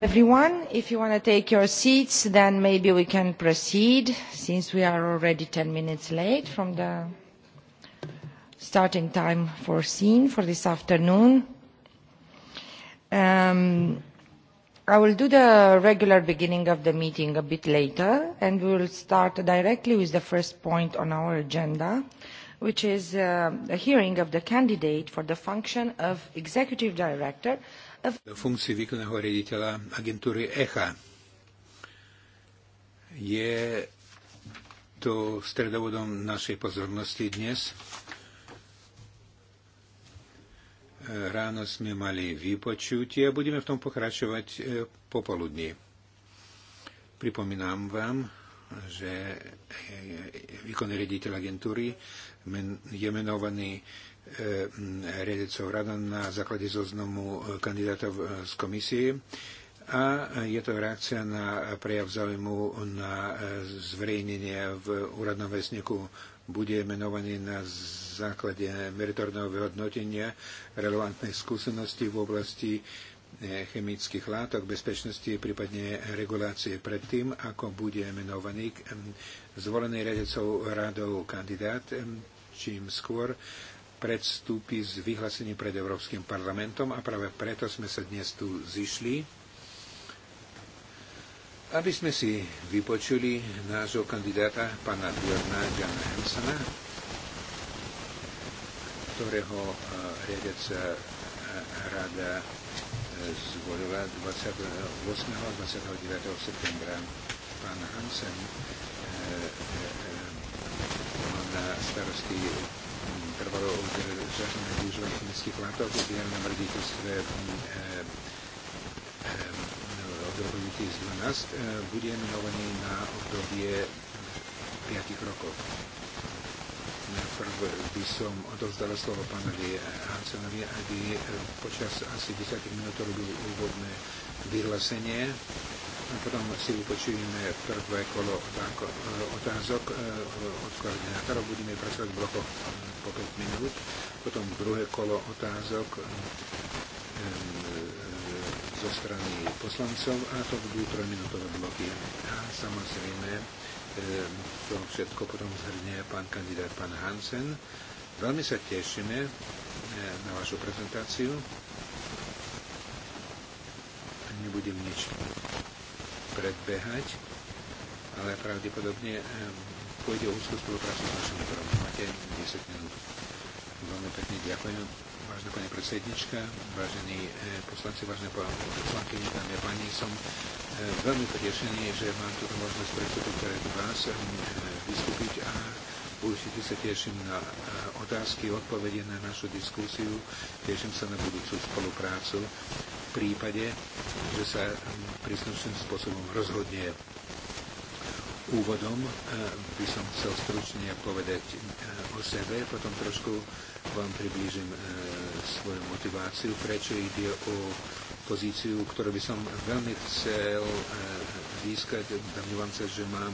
everyone if you want to take your seats then maybe we can proceed since we are already ten minutes late from the starting time foreseen for this afternoon. Um, I will do the regular beginning of the meeting a bit later and we will start directly with the first point on our agenda which is a uh, hearing of the candidate for the function of Executive Director do funkcii výkonného riaditeľa agentúry ECHA. Je to stredovodom našej pozornosti dnes. Ráno sme mali vypočutie a budeme v tom pokračovať e, popoludní. Pripomínam vám, že e, výkonný riaditeľ agentúry je menovaný E, riadiaceho rada na základe zoznamu kandidátov e, z komisie a je to reakcia na prejav záujmu na e, zverejnenie v úradnom vesniku bude menovaný na základe meritorného vyhodnotenia relevantnej skúsenosti v oblasti chemických látok, bezpečnosti, prípadne regulácie predtým, ako bude menovaný zvolený riadecou radou kandidát, čím skôr predstúpi s vyhlásením pred Európskym parlamentom a práve preto sme sa dnes tu zišli, aby sme si vypočuli nášho kandidáta, pána Björna Jana Hansena, ktorého e, riadec rada e, zvolila 28. a 29. septembra. Pán Hansen e, mal na starosti trvalo udržateľné využívanie chemických látok v generálnom rediteľstve od roku 2012 bude menovaný na obdobie 5 rokov. Najprv by som odovzdala slovo pánovi Hansenovi, aby počas asi 10 minút robil úvodné vyhlásenie potom si vypočujeme prvé kolo eh, otázok eh, od koordinátorov. Budeme pracovať v blokoch eh, po 5 minút. Potom druhé kolo otázok zo strany poslancov a to budú trojminútové bloky. A samozrejme to všetko potom zhrnie pán kandidát, pán Hansen. Veľmi sa tešíme na vašu prezentáciu nebudem nič predbehať, ale pravdepodobne eh, pôjde o úzkú spoluprácu s našim výborom. Máte 10 minút. Veľmi pekne ďakujem. Vážená pani predsednička, vážení eh, poslanci, vážené poslanky, dámy a páni, som eh, veľmi potešený, že mám túto možnosť predstúpiť pred vás, vystúpiť a Určite sa teším na otázky, odpovede na našu diskusiu. Teším sa na budúcu spoluprácu prípade, že sa príslušným spôsobom rozhodne úvodom eh, by som chcel stručne povedať eh, o sebe, potom trošku vám priblížim eh, svoju motiváciu, prečo ide o pozíciu, ktorú by som veľmi chcel získať. Domnívam sa, že mám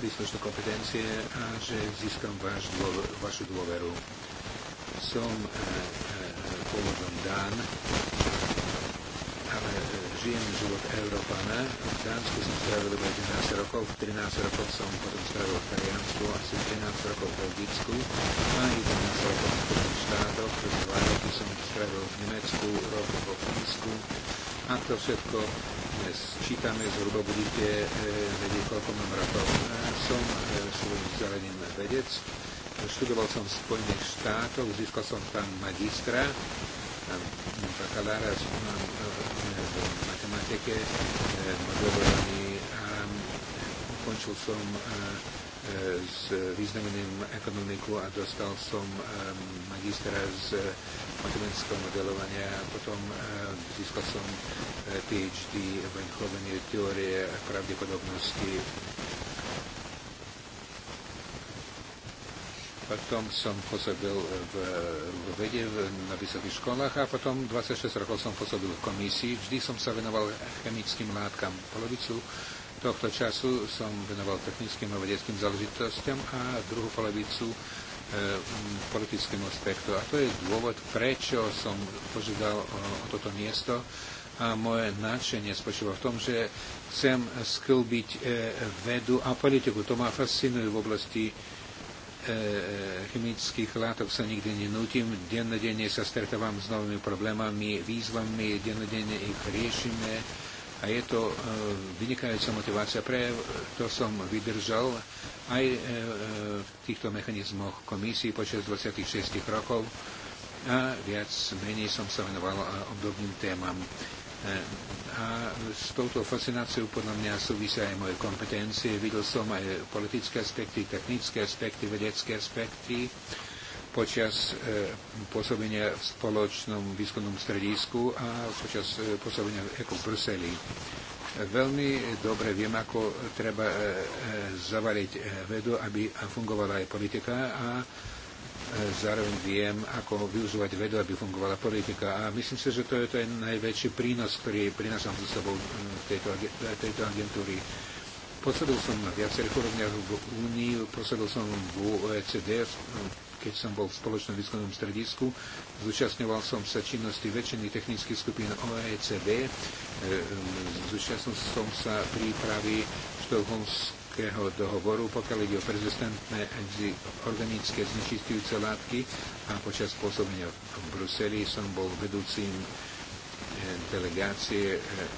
príslušné kompetencie a že získam váš vašu dôveru. Som pôvodom Dán, žijem život Európana. V Dánsku som strávil dobre 11 rokov, 13 rokov som potom strávil v Taliansku, asi 13 rokov v Belgicku a 11 rokov v Spojených štátoch, 2 roky som strávil v Nemecku, rok vo Fínsku a to všetko sčítame, zhruba budete eh, vedieť, koľko mám rokov. Eh, som eh, svojím zelením vedec, študoval som v Spojených štátoch, získal som tam magistra, bakalára politike eh, modelovaný a eh, ukončil som eh, s významným ekonomiku a dostal som magistra z matematického modelovania a potom získal som PhD v obchodovaní teórie pravdepodobnosti potom som pôsobil v, v vede na vysokých školách a potom 26 rokov som pôsobil v komisii. Vždy som sa venoval chemickým látkam. Polovicu tohto času som venoval technickým a vedeckým záležitostiam a druhú polovicu e, politickému aspektu. A to je dôvod, prečo som požiadal o, o toto miesto a moje nadšenie spočíva v tom, že chcem sklbiť e, vedu a politiku. To ma fascinuje v oblasti E, e, chemických látok sa nikdy nenútim. Dennodenne sa stretávam s novými problémami, výzvami, dennodenne ich riešime a je to e, vynikajúca motivácia. Pre to som vydržal aj v týchto mechanizmoch komisii počas 26 rokov a viac menej som sa venoval obdobným témam. Eh, a s touto fascináciou podľa mňa súvisia aj moje kompetencie. Videl som aj politické aspekty, technické aspekty, vedecké aspekty počas eh, pôsobenia v spoločnom výskumnom stredisku a počas eh, pôsobenia v EKO Bruseli. Veľmi dobre viem, ako treba zavaliť vedu, aby fungovala aj politika a zároveň viem, ako využívať vedu, aby fungovala politika. A myslím si, že to je ten najväčší prínos, ktorý prinášam so sebou mm, tejto, tejto agentúry. Posadil som na viacerých úrovniach v Únii, posadil som v OECD, keď som bol v spoločnom výskumnom stredisku. Zúčastňoval som sa činnosti väčšiny technických skupín OECD. E, zúčastnil som sa prípravy štokholmského Rimského dohovoru, pokiaľ ide o persistentné organické znečistujúce látky a počas pôsobenia v Bruseli som bol vedúcim eh, delegácie eh, eh,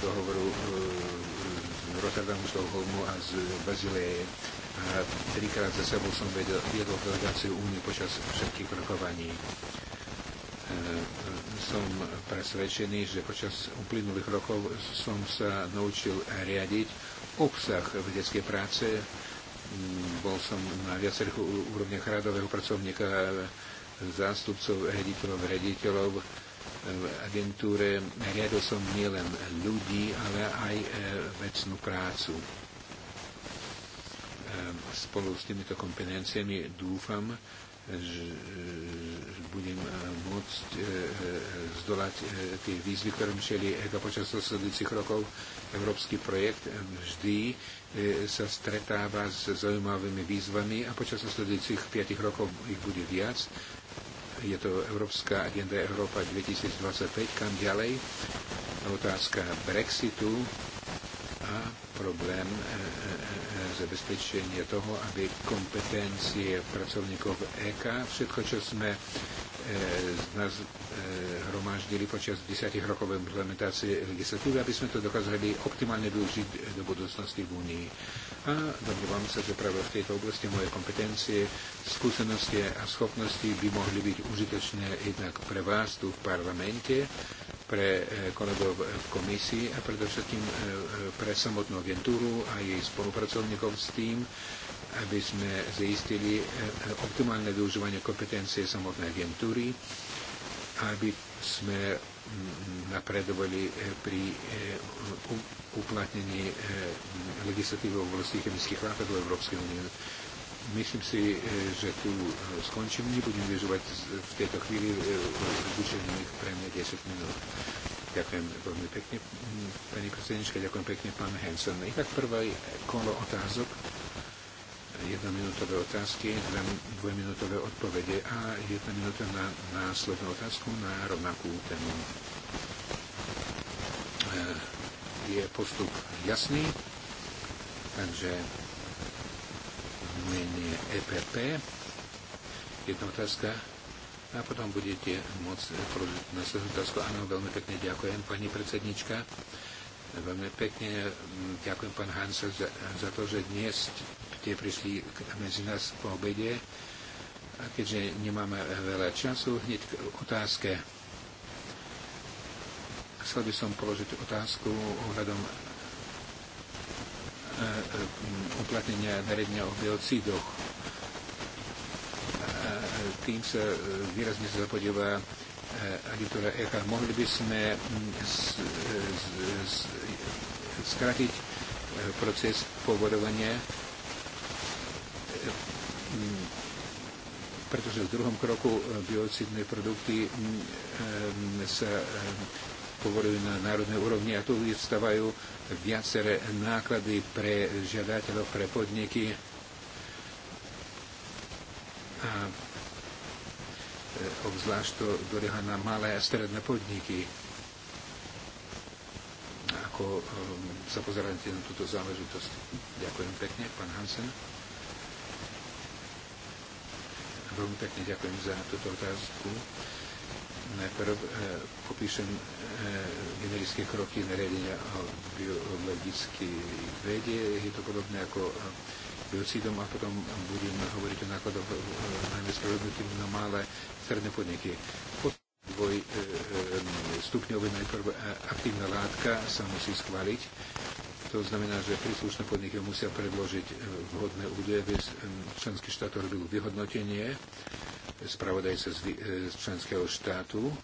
dohovoru z Rotterdamu, Štokholmu a z Bazileje. A trikrát za sebou som vedel, viedol delegáciu Únie počas všetkých rokovaní som presvedčený, že počas uplynulých rokov som sa naučil riadiť obsah vedeckej práce. Mm, bol som na viacerých úrovniach radového pracovníka, zástupcov rediteľov, rediteľov eh, v agentúre. Riadil som nielen ľudí, ale aj eh, vecnú prácu. Ehm, spolu s týmito kompetenciami dúfam, že e, budem e, môcť e, zdolať tie výzvy, ktorým čeli EGA počas posledujúcich rokov. Európsky projekt vždy sa stretáva s zaujímavými výzvami a počas posledujúcich 5 rokov ich bude viac. Je to Európska agenda Európa 2025, kam ďalej. Otázka Brexitu a problém e, e, zabezpečenie toho, aby kompetencie pracovníkov EK, všetko, čo sme e, z nás e, hromaždili počas 10 rokov implementácie legislatívy, aby sme to dokázali optimálne využiť do budúcnosti v Únii. A domnievam sa, že práve v tejto oblasti moje kompetencie, skúsenosti a schopnosti by mohli byť užitočné jednak pre vás tu v parlamente, pre e, kolegov v komisii a predovšetkým e, e, pre samotnú agentúru a jej spolupracovníkov s tým, aby sme zistili optimálne využívanie kompetencie samotnej agentúry, aby sme mm, napredovali pri uplatnení legislatívy v oblasti chemických látok v Európskej únii. Myslím si, e, že tu e, skončím. Nebudem vyžovať v tejto chvíli e, zvyšených pre mňa 10 minút. Ďakujem veľmi pekne, pani predsednička, ďakujem pekne, pán Hansen. I tak prvé kolo otázok, jednominútové otázky, dvojminútové odpovede a jedna minúta na následnú otázku na rovnakú tému. Je postup jasný, takže menej EPP. Jedna otázka a potom budete môcť položiť na svoju otázku. Áno, veľmi pekne ďakujem, pani predsednička. Veľmi pekne mm, ďakujem, pán Hansel, za, za to, že dnes ste prišli medzi nás po obede. A keďže nemáme veľa času, hneď k otázke. Chcel by som položiť otázku ohľadom E, e, uplatnenia nariadenia o biocidoch. E, tým sa výrazne zapodieva agentúra ECHA. Mohli by sme skrátiť proces povodovania, pretože v druhom kroku biocidné produkty sa hovorili na národnej úrovni a tu vstávajú viaceré náklady pre žiadateľov, pre podniky. A e, obzvlášť to dolieha na malé a stredné podniky. Ako e, sa pozeráte na túto záležitosť? Ďakujem pekne, pán Hansen. Veľmi pekne ďakujem za túto otázku. Najprv e, popíšem generické kroky nariadenia o biologickej vede. Je to podobné ako biocidom a potom budem hovoriť o nákladoch e, najmä spravodlivým na malé stredné podniky. Dvoj e, e, stupňový najprv aktívna látka sa musí schváliť. To znamená, že príslušné podniky musia predložiť vhodné údaje, členský štát robil vyhodnotenie spravodajca z, z členského štátu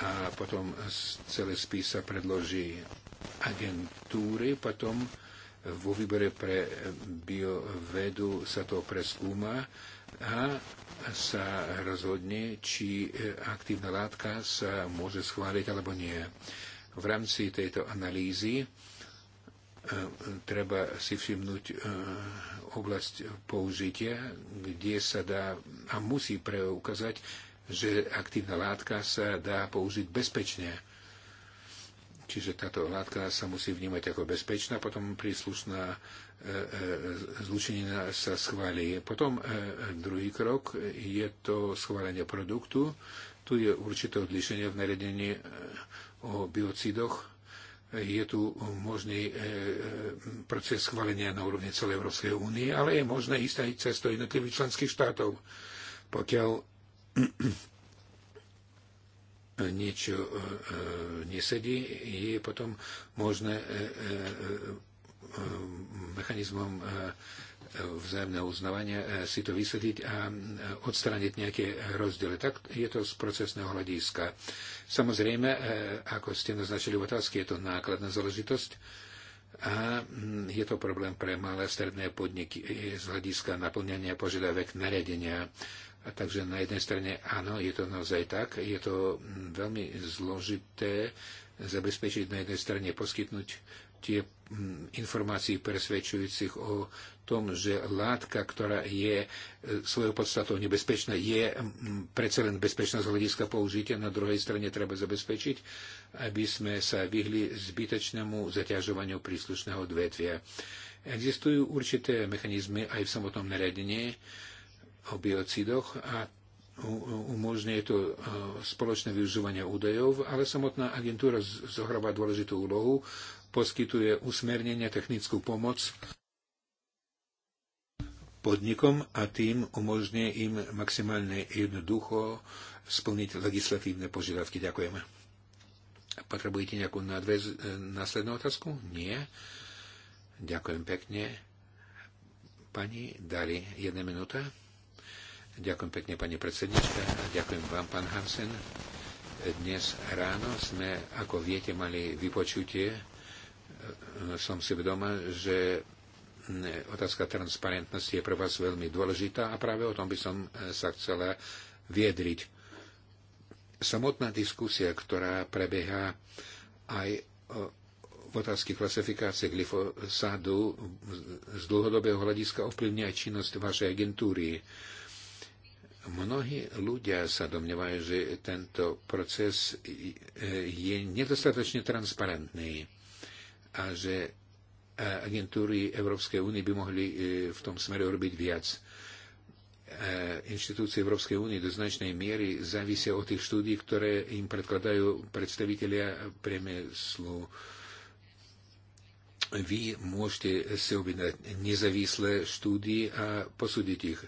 a potom celý spis sa predloží agentúry, potom vo výbere pre biovedu sa to preskúma a sa rozhodne, či aktívna látka sa môže schváliť alebo nie. V rámci tejto analýzy e, treba si všimnúť e, oblasť použitia, kde sa dá a musí preukázať, že aktívna látka sa dá použiť bezpečne. Čiže táto látka sa musí vnímať ako bezpečná, potom príslušná e, e, zlučenina sa schváli. Potom e, druhý krok je to schválenie produktu. Tu je určité odlišenie v naredení o biocidoch. Je tu možný proces schválenia na úrovni celej Európskej únie, ale je možné ísť aj cestou jednotlivých členských štátov. Pokiaľ niečo e, e, nesedí, je potom možné e, mechanizmom vzájomného uznávania si to vysvetliť a odstrániť nejaké rozdiely. Tak je to z procesného hľadiska. Samozrejme, ako ste naznačili v otázke, je to nákladná záležitosť a mm, je to problém pre malé a stredné podniky z hľadiska naplňania požiadavek nariadenia a takže na jednej strane áno, je to naozaj tak. Je to mm, veľmi zložité zabezpečiť na jednej strane poskytnúť tie mm, informácií presvedčujúcich o tom, že látka, ktorá je e, svojou podstatou nebezpečná, je mm, predsa len bezpečná z hľadiska použitia. Na druhej strane treba zabezpečiť, aby sme sa vyhli zbytočnému zaťažovaniu príslušného odvetvia. Existujú určité mechanizmy aj v samotnom nariadení, o biocidoch a umožňuje to e, spoločné využívanie údajov, ale samotná agentúra zohráva dôležitú úlohu, poskytuje usmernenie, technickú pomoc podnikom a tým umožňuje im maximálne jednoducho splniť legislatívne požiadavky. Ďakujeme. Potrebujete nejakú nadväz, e, následnú otázku? Nie. Ďakujem pekne. Pani Dari, jedna minúta. Ďakujem pekne, pani predsednička. Ďakujem vám, pán Hansen. Dnes ráno sme, ako viete, mali vypočutie. Som si vedoma, že otázka transparentnosti je pre vás veľmi dôležitá a práve o tom by som e, sa chcela viedriť. Samotná diskusia, ktorá prebieha aj e, v otázke klasifikácie glyfosádu z dlhodobého hľadiska ovplyvňuje aj činnosť vašej agentúry. Mnohí ľudia sa domnievajú, že tento proces je nedostatočne transparentný a že agentúry Európskej únie by mohli e, v tom smere robiť viac. E, inštitúcie Európskej únie do značnej miery závisia od tých štúdí, ktoré im predkladajú predstavitelia priemyslu vy môžete si objednať nezávislé štúdie a posúdiť ich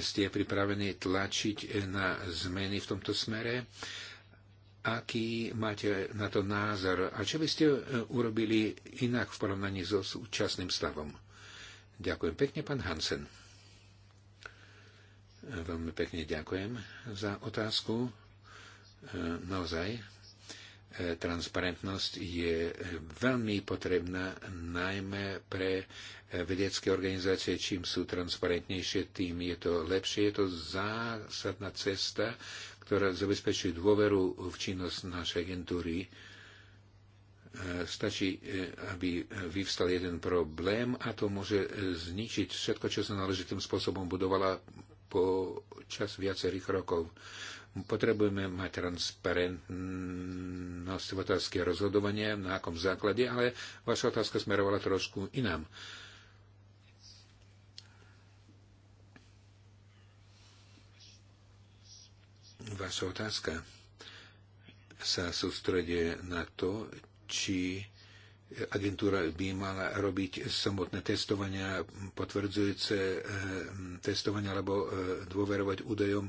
ste pripravení tlačiť na zmeny v tomto smere? Aký máte na to názor? A čo by ste e, urobili inak v porovnaní so súčasným stavom? Ďakujem pekne, pán Hansen. Veľmi pekne ďakujem za otázku. E, naozaj transparentnosť je veľmi potrebná najmä pre vedecké organizácie. Čím sú transparentnejšie, tým je to lepšie. Je to zásadná cesta, ktorá zabezpečuje dôveru v činnosť našej agentúry. E, stačí, e, aby vyvstal jeden problém a to môže zničiť všetko, čo sa náležitým spôsobom budovala počas viacerých rokov. Potrebujeme mať transparentnosť v otázke rozhodovania, na akom základe, ale vaša otázka smerovala trošku inám. Vaša otázka sa sústredie na to, či agentúra by mala robiť samotné testovania, potvrdzujúce eh, testovania alebo eh, dôverovať údajom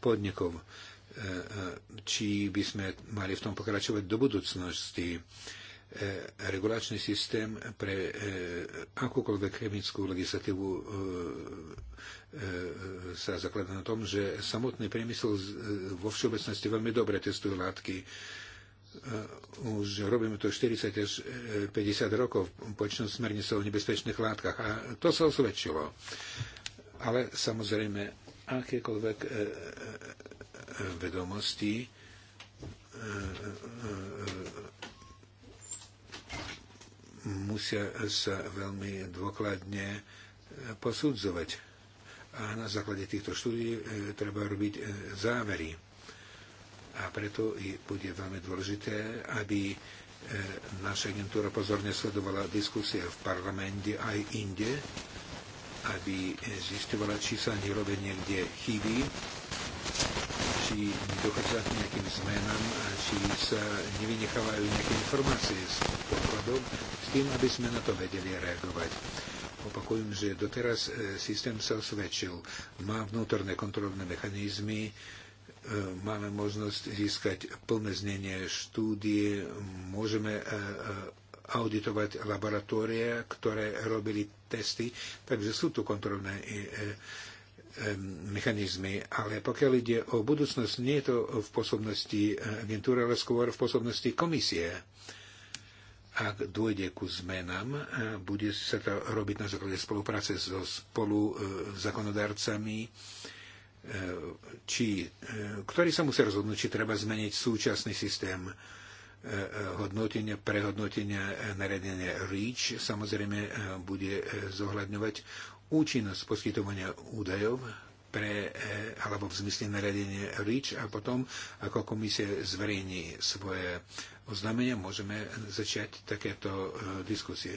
podnikov. E, e, či by sme mali v tom pokračovať do budúcnosti? E, regulačný systém pre akúkoľvek chemickú legislatívu sa zaklada na tom, že samotný priemysel vo všeobecnosti veľmi dobre testuje látky. Už robíme to 40 až 50 rokov, počnú smernice o nebezpečných látkach a to sa osvedčilo. Ale samozrejme akékoľvek e, e, e, vedomosti musia sa veľmi dôkladne posudzovať. A na základe týchto štúdí treba robiť závery. A preto bude veľmi dôležité, aby naša agentúra pozorne sledovala diskusie v parlamente aj inde, aby zistovala, či sa nerobe niekde chyby, či dochádza k nejakým zmenám či sa nevynechávajú nejaké informácie z podkladov, s tým, aby sme na to vedeli reagovať. Opakujem, že doteraz e, systém sa osvedčil. Má vnútorné kontrolné mechanizmy, e, máme možnosť získať plné znenie štúdie, môžeme e, auditovať laboratórie, ktoré robili testy, takže sú tu kontrolné e, e, mechanizmy. Ale pokiaľ ide o budúcnosť, nie je to v posobnosti agentúry, ale skôr v posobnosti komisie. Ak dôjde ku zmenám, e, bude sa to robiť na základe spolupráce so spolu zákonodárcami, či, ktorí sa musia rozhodnúť, či treba zmeniť súčasný systém hodnotenie, prehodnotenie nariadenia REACH samozrejme eh, bude eh, zohľadňovať účinnosť poskytovania údajov pre, eh, alebo v zmysle nariadenie REACH a potom, ako komisia zverejní svoje oznámenia, môžeme začať takéto diskusie.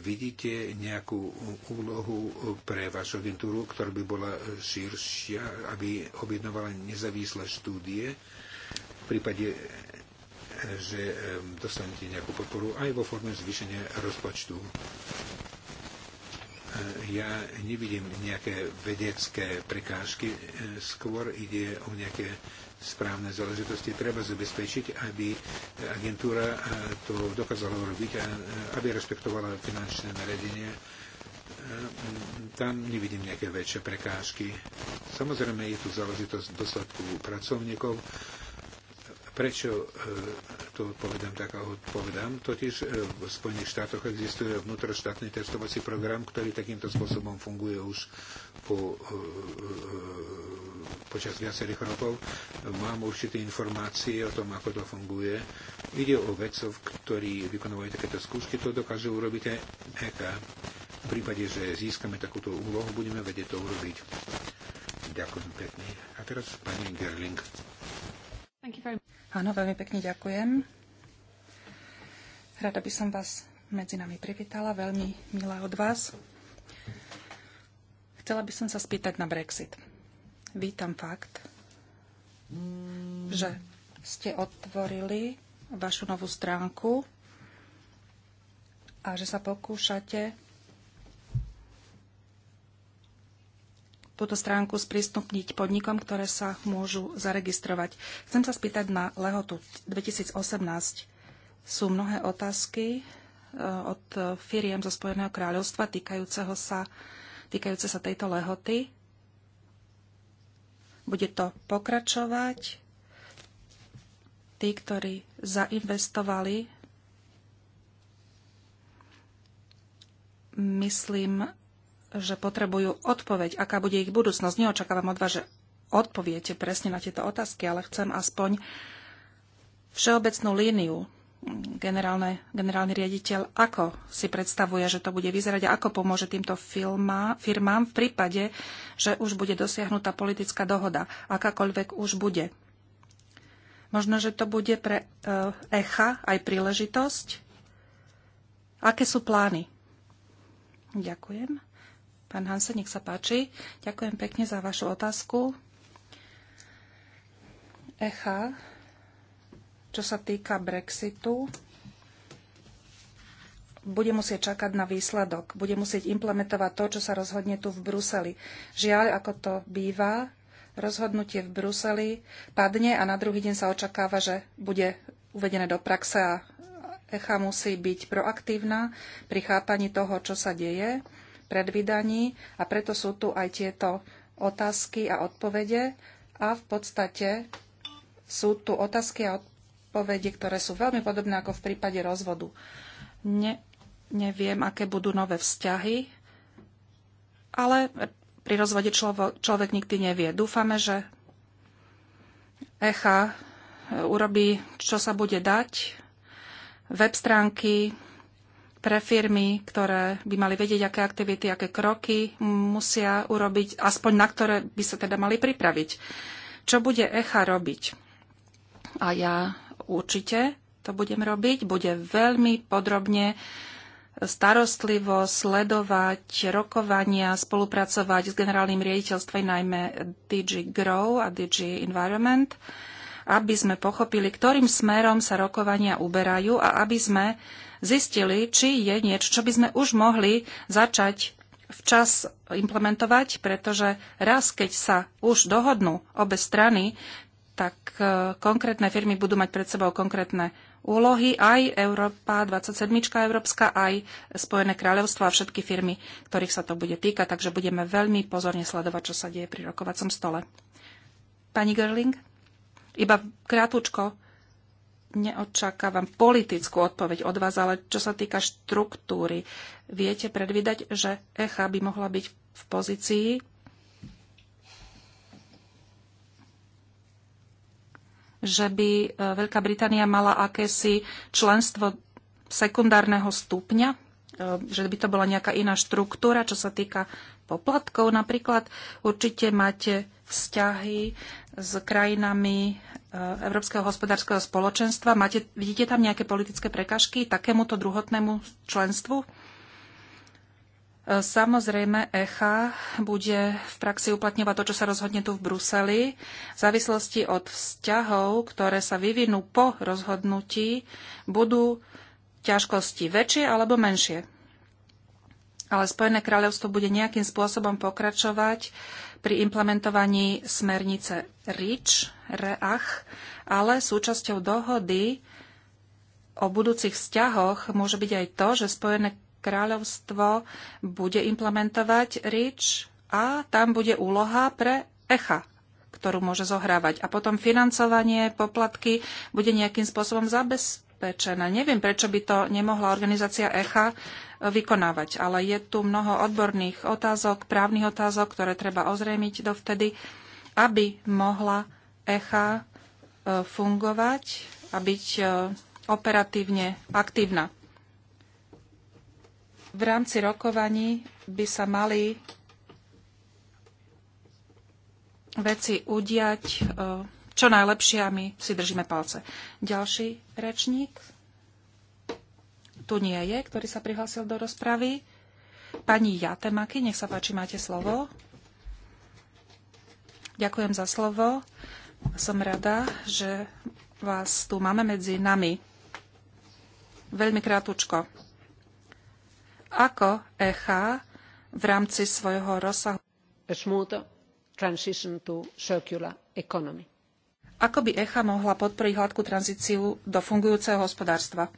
Vidíte nejakú úlohu pre vašu agentúru, ktorá by bola širšia, aby objednovala nezávislé štúdie, prípade, e, že e, dostanete nejakú podporu aj vo forme zvýšenia rozpočtu. E, ja nevidím nejaké vedecké prekážky, skôr ide o nejaké správne záležitosti. Treba zabezpečiť, aby agentúra to dokázala urobiť a aby respektovala finančné naredenie. Tam nevidím nejaké väčšie prekážky. Samozrejme je tu záležitosť dostatku pracovníkov, Prečo e, to povedám tak, ako povedám? Totiž e, v Spojených štátoch existuje vnútroštátny testovací program, ktorý takýmto spôsobom funguje už po, e, počas viacerých rokov. Mám určité informácie o tom, ako to funguje. Ide o vedcov, ktorí vykonávajú takéto skúšky. To dokážu urobiť aj EKA. V prípade, že získame takúto úlohu, budeme vedieť to urobiť. Ďakujem pekne. A teraz pani Gerling. Thank you very much. Áno, veľmi pekne ďakujem. Rada by som vás medzi nami privítala, veľmi milá od vás. Chcela by som sa spýtať na Brexit. Vítam fakt, že ste otvorili vašu novú stránku a že sa pokúšate túto stránku sprístupniť podnikom, ktoré sa môžu zaregistrovať. Chcem sa spýtať na lehotu 2018. Sú mnohé otázky e, od firiem zo Spojeného kráľovstva týkajúceho sa, týkajúce sa tejto lehoty. Bude to pokračovať. Tí, ktorí zainvestovali, myslím, že potrebujú odpoveď, aká bude ich budúcnosť. Neočakávam od vás, že odpoviete presne na tieto otázky, ale chcem aspoň všeobecnú líniu. Generálne, generálny riaditeľ, ako si predstavuje, že to bude vyzerať a ako pomôže týmto firma, firmám v prípade, že už bude dosiahnutá politická dohoda, akákoľvek už bude. Možno, že to bude pre uh, ECHA aj príležitosť. Aké sú plány? Ďakujem. Pán Hansen, nech sa páči. Ďakujem pekne za vašu otázku. Echa, čo sa týka Brexitu, bude musieť čakať na výsledok. Bude musieť implementovať to, čo sa rozhodne tu v Bruseli. Žiaľ, ako to býva, rozhodnutie v Bruseli padne a na druhý deň sa očakáva, že bude uvedené do praxe a ECHA musí byť proaktívna pri chápaní toho, čo sa deje predvydaní a preto sú tu aj tieto otázky a odpovede a v podstate sú tu otázky a odpovede, ktoré sú veľmi podobné ako v prípade rozvodu. Ne, neviem, aké budú nové vzťahy, ale pri rozvode človek, človek nikdy nevie. Dúfame, že ECHA e, urobí, čo sa bude dať, web stránky, pre firmy, ktoré by mali vedieť, aké aktivity, aké kroky musia urobiť, aspoň na ktoré by sa teda mali pripraviť. Čo bude ECHA robiť? A ja určite to budem robiť. Bude veľmi podrobne starostlivo sledovať rokovania, spolupracovať s generálnym riaditeľstvom, najmä DG Grow a DG Environment, aby sme pochopili, ktorým smerom sa rokovania uberajú a aby sme zistili, či je niečo, čo by sme už mohli začať včas implementovať, pretože raz, keď sa už dohodnú obe strany, tak e, konkrétne firmy budú mať pred sebou konkrétne úlohy, aj Európa 27, Európska, aj Spojené kráľovstvo a všetky firmy, ktorých sa to bude týkať, takže budeme veľmi pozorne sledovať, čo sa deje pri rokovacom stole. Pani Gerling, iba krátučko, neočakávam politickú odpoveď od vás, ale čo sa týka štruktúry, viete predvídať, že ECHA by mohla byť v pozícii že by e, Veľká Británia mala akési členstvo sekundárneho stupňa E, že by to bola nejaká iná štruktúra, čo sa týka poplatkov napríklad. Určite máte vzťahy s krajinami e, Európskeho hospodárskeho spoločenstva. Máte, vidíte tam nejaké politické prekažky takémuto druhotnému členstvu? E, samozrejme, ECHA bude v praxi uplatňovať to, čo sa rozhodne tu v Bruseli. V závislosti od vzťahov, ktoré sa vyvinú po rozhodnutí, budú ťažkosti, väčšie alebo menšie. Ale Spojené kráľovstvo bude nejakým spôsobom pokračovať pri implementovaní smernice REACH, REACH, ale súčasťou dohody o budúcich vzťahoch môže byť aj to, že Spojené kráľovstvo bude implementovať REACH a tam bude úloha pre ECHA, ktorú môže zohrávať. A potom financovanie, poplatky bude nejakým spôsobom zabezpečené zabezpečené. Neviem, prečo by to nemohla organizácia ECHA vykonávať, ale je tu mnoho odborných otázok, právnych otázok, ktoré treba ozrejmiť dovtedy, aby mohla ECHA e, fungovať a byť e, operatívne aktívna. V rámci rokovaní by sa mali veci udiať e, čo najlepšie a my si držíme palce. Ďalší rečník tu nie je, ktorý sa prihlásil do rozpravy. Pani Jatemaki, nech sa páči, máte slovo. Ďakujem za slovo. Som rada, že vás tu máme medzi nami. Veľmi krátučko. Ako ECHA v rámci svojho rozsahu a smooth transition to circular economy ako by ECHA mohla podporiť hladkú tranzíciu do fungujúceho hospodárstva?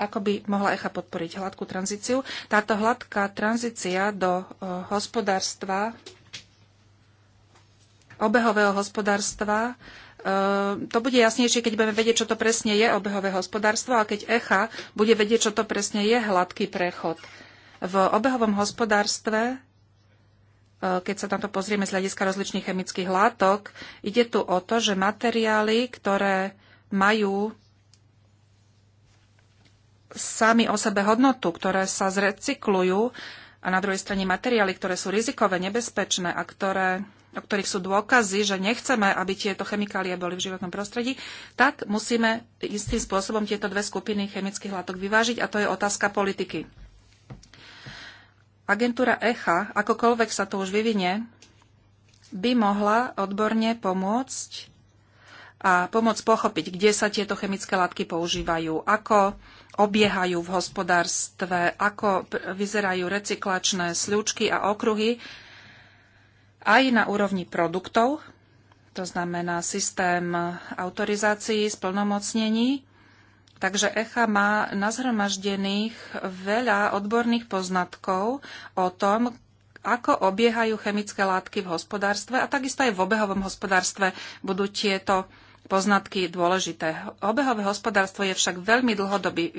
Ako by mohla ECHA podporiť hladkú tranzíciu? Táto hladká tranzícia do e, hospodárstva, obehového hospodárstva, e, to bude jasnejšie, keď budeme vedieť, čo to presne je obehové hospodárstvo a keď ECHA bude vedieť, čo to presne je hladký prechod. V obehovom hospodárstve Eh, keď sa na to pozrieme z hľadiska rozličných chemických látok, ide tu o to, že materiály, ktoré majú sami o sebe hodnotu, ktoré sa zrecyklujú, a na druhej strane materiály, ktoré sú rizikové, nebezpečné a ktoré, o ktorých sú dôkazy, že nechceme, aby tieto chemikálie boli v životnom prostredí, tak musíme istým spôsobom tieto dve skupiny chemických látok vyvážiť a to je otázka politiky. Agentúra ECHA, akokoľvek sa to už vyvinie, by mohla odborne pomôcť a pomôcť pochopiť, kde sa tieto chemické látky používajú, ako obiehajú v hospodárstve, ako vyzerajú recyklačné sľúčky a okruhy, aj na úrovni produktov, to znamená systém autorizácií, splnomocnení, Takže ECHA má nazhromaždených veľa odborných poznatkov o tom, ako obiehajú chemické látky v hospodárstve a takisto aj v obehovom hospodárstve budú tieto poznatky dôležité. Obehové hospodárstvo je však veľmi dlhodobý e,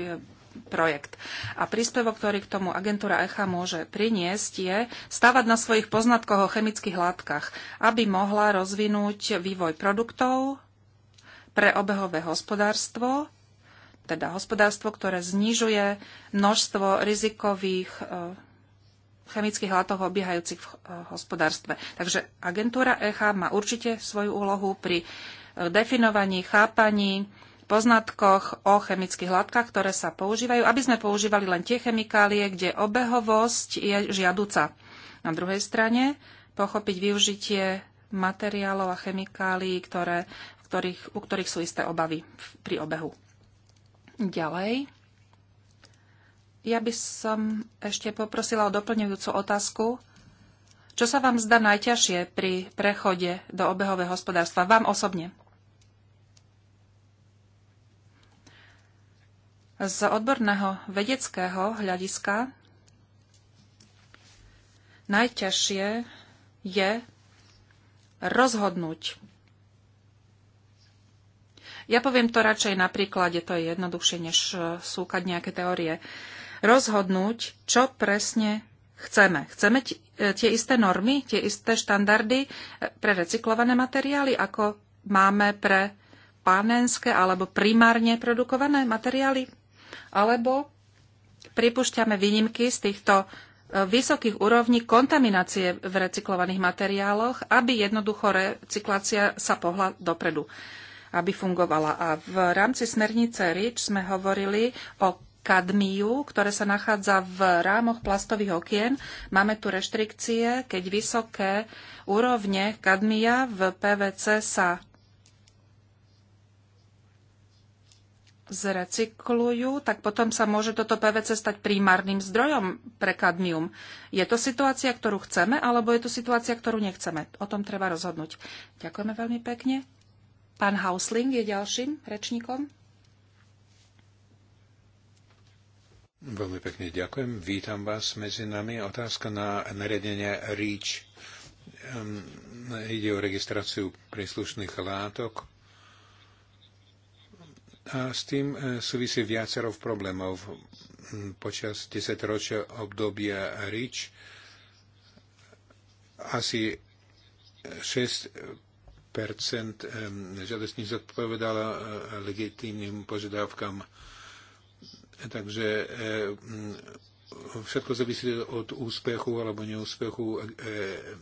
projekt. A príspevok, ktorý k tomu agentúra ECHA môže priniesť, je stavať na svojich poznatkoch o chemických látkach, aby mohla rozvinúť vývoj produktov pre obehové hospodárstvo teda hospodárstvo, ktoré znižuje množstvo rizikových e, chemických látok obiehajúcich v e, hospodárstve. Takže agentúra ECHA má určite svoju úlohu pri e, definovaní, chápaní, poznatkoch o chemických látkach, ktoré sa používajú, aby sme používali len tie chemikálie, kde obehovosť je žiaduca. Na druhej strane pochopiť využitie materiálov a chemikálií, ktoré, ktorých, u ktorých sú isté obavy pri obehu. Ďalej. Ja by som ešte poprosila o doplňujúcu otázku. Čo sa vám zdá najťažšie pri prechode do obehového hospodárstva? Vám osobne. Z odborného vedeckého hľadiska najťažšie je rozhodnúť, ja poviem to radšej na príklade, to je jednoduchšie, než e, súkať nejaké teórie. Rozhodnúť, čo presne chceme. Chceme e, tie isté normy, tie isté štandardy e, pre recyklované materiály, ako máme pre panenské alebo primárne produkované materiály? Alebo pripúšťame výnimky z týchto vysokých úrovní kontaminácie v recyklovaných materiáloch, aby jednoducho recyklácia sa pohla dopredu aby fungovala. A v rámci smernice REACH sme hovorili o kadmiu, ktoré sa nachádza v rámoch plastových okien. Máme tu reštrikcie, keď vysoké úrovne kadmia v PVC sa zrecyklujú, tak potom sa môže toto PVC stať primárnym zdrojom pre kadmium. Je to situácia, ktorú chceme, alebo je to situácia, ktorú nechceme? O tom treba rozhodnúť. Ďakujeme veľmi pekne. Pán Hausling je ďalším rečníkom. Veľmi pekne ďakujem. Vítam vás medzi nami. Otázka na nariadenie REACH. Um, ide o registráciu príslušných látok a s tým e, súvisí viacero problémov. Hm, počas 10 ročia obdobia REACH asi 6 percent ehm, žiadostí zodpovedala eh, legitímnym požiadavkám. Takže eh, mm, všetko závisí od úspechu alebo neúspechu eh,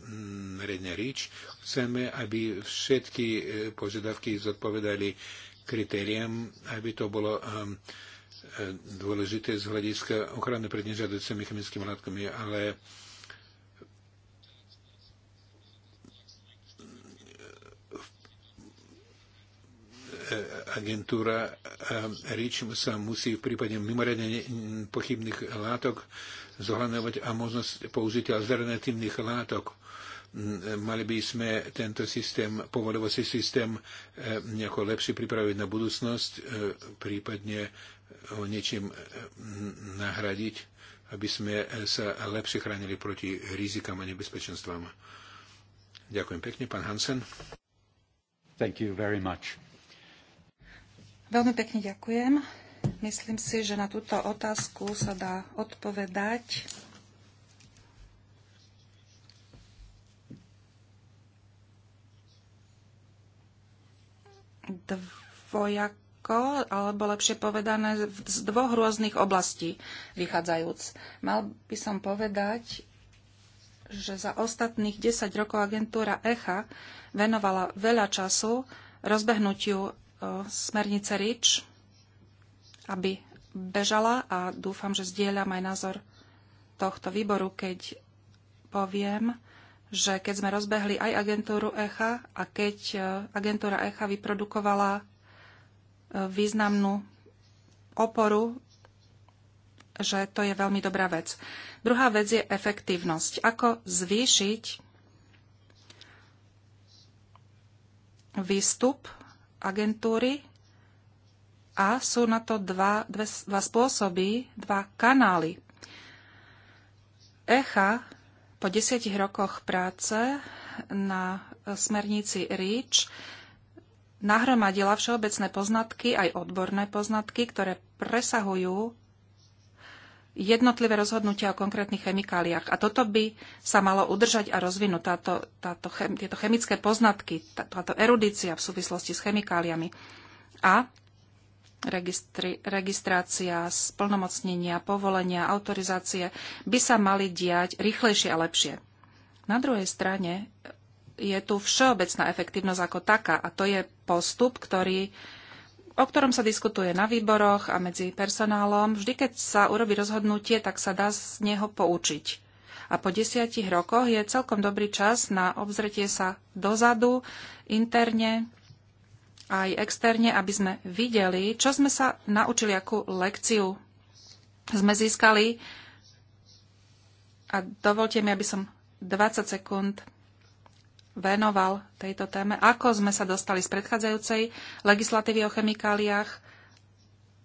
mm, Redne Rič. Chceme, aby všetky požiadavky zodpovedali kritériám, aby to bolo ehm, dôležité z hľadiska ochrany pred nežiaducimi chemickými látkami, ale agentúra e, REACH sa musí v prípade mimoriadne pochybných látok zohľadňovať a možnosť použitia alternatívnych látok. E, mali by sme tento systém, povolovací systém e, nejako lepšie pripraviť na budúcnosť, prípadne ho niečím nahradiť, aby sme sa lepšie chránili proti rizikám a nebezpečenstvám. Ďakujem pekne, pán Hansen. Thank you very much. Veľmi pekne ďakujem. Myslím si, že na túto otázku sa dá odpovedať dvojako, alebo lepšie povedané, z dvoch rôznych oblastí vychádzajúc. Mal by som povedať, že za ostatných 10 rokov agentúra ECHA venovala veľa času rozbehnutiu E, smernice REACH, aby bežala a dúfam, že zdieľam aj názor tohto výboru, keď poviem, že keď sme rozbehli aj agentúru ECHA a keď e, agentúra ECHA vyprodukovala e, významnú oporu, že to je veľmi dobrá vec. Druhá vec je efektívnosť. Ako zvýšiť výstup agentúry a sú na to dva, dve, dva spôsoby, dva kanály. ECHA po desiatich rokoch práce na smernici REACH nahromadila všeobecné poznatky, aj odborné poznatky, ktoré presahujú jednotlivé rozhodnutia o konkrétnych chemikáliách. A toto by sa malo udržať a rozvinúť, táto, táto, tieto chemické poznatky, táto erudícia v súvislosti s chemikáliami. A registri, registrácia, splnomocnenia, povolenia, autorizácie by sa mali diať rýchlejšie a lepšie. Na druhej strane je tu všeobecná efektívnosť ako taká a to je postup, ktorý o ktorom sa diskutuje na výboroch a medzi personálom. Vždy, keď sa urobí rozhodnutie, tak sa dá z neho poučiť. A po desiatich rokoch je celkom dobrý čas na obzretie sa dozadu, interne, aj externe, aby sme videli, čo sme sa naučili, akú lekciu sme získali. A dovolte mi, aby som 20 sekúnd venoval tejto téme, ako sme sa dostali z predchádzajúcej legislatívy o chemikáliách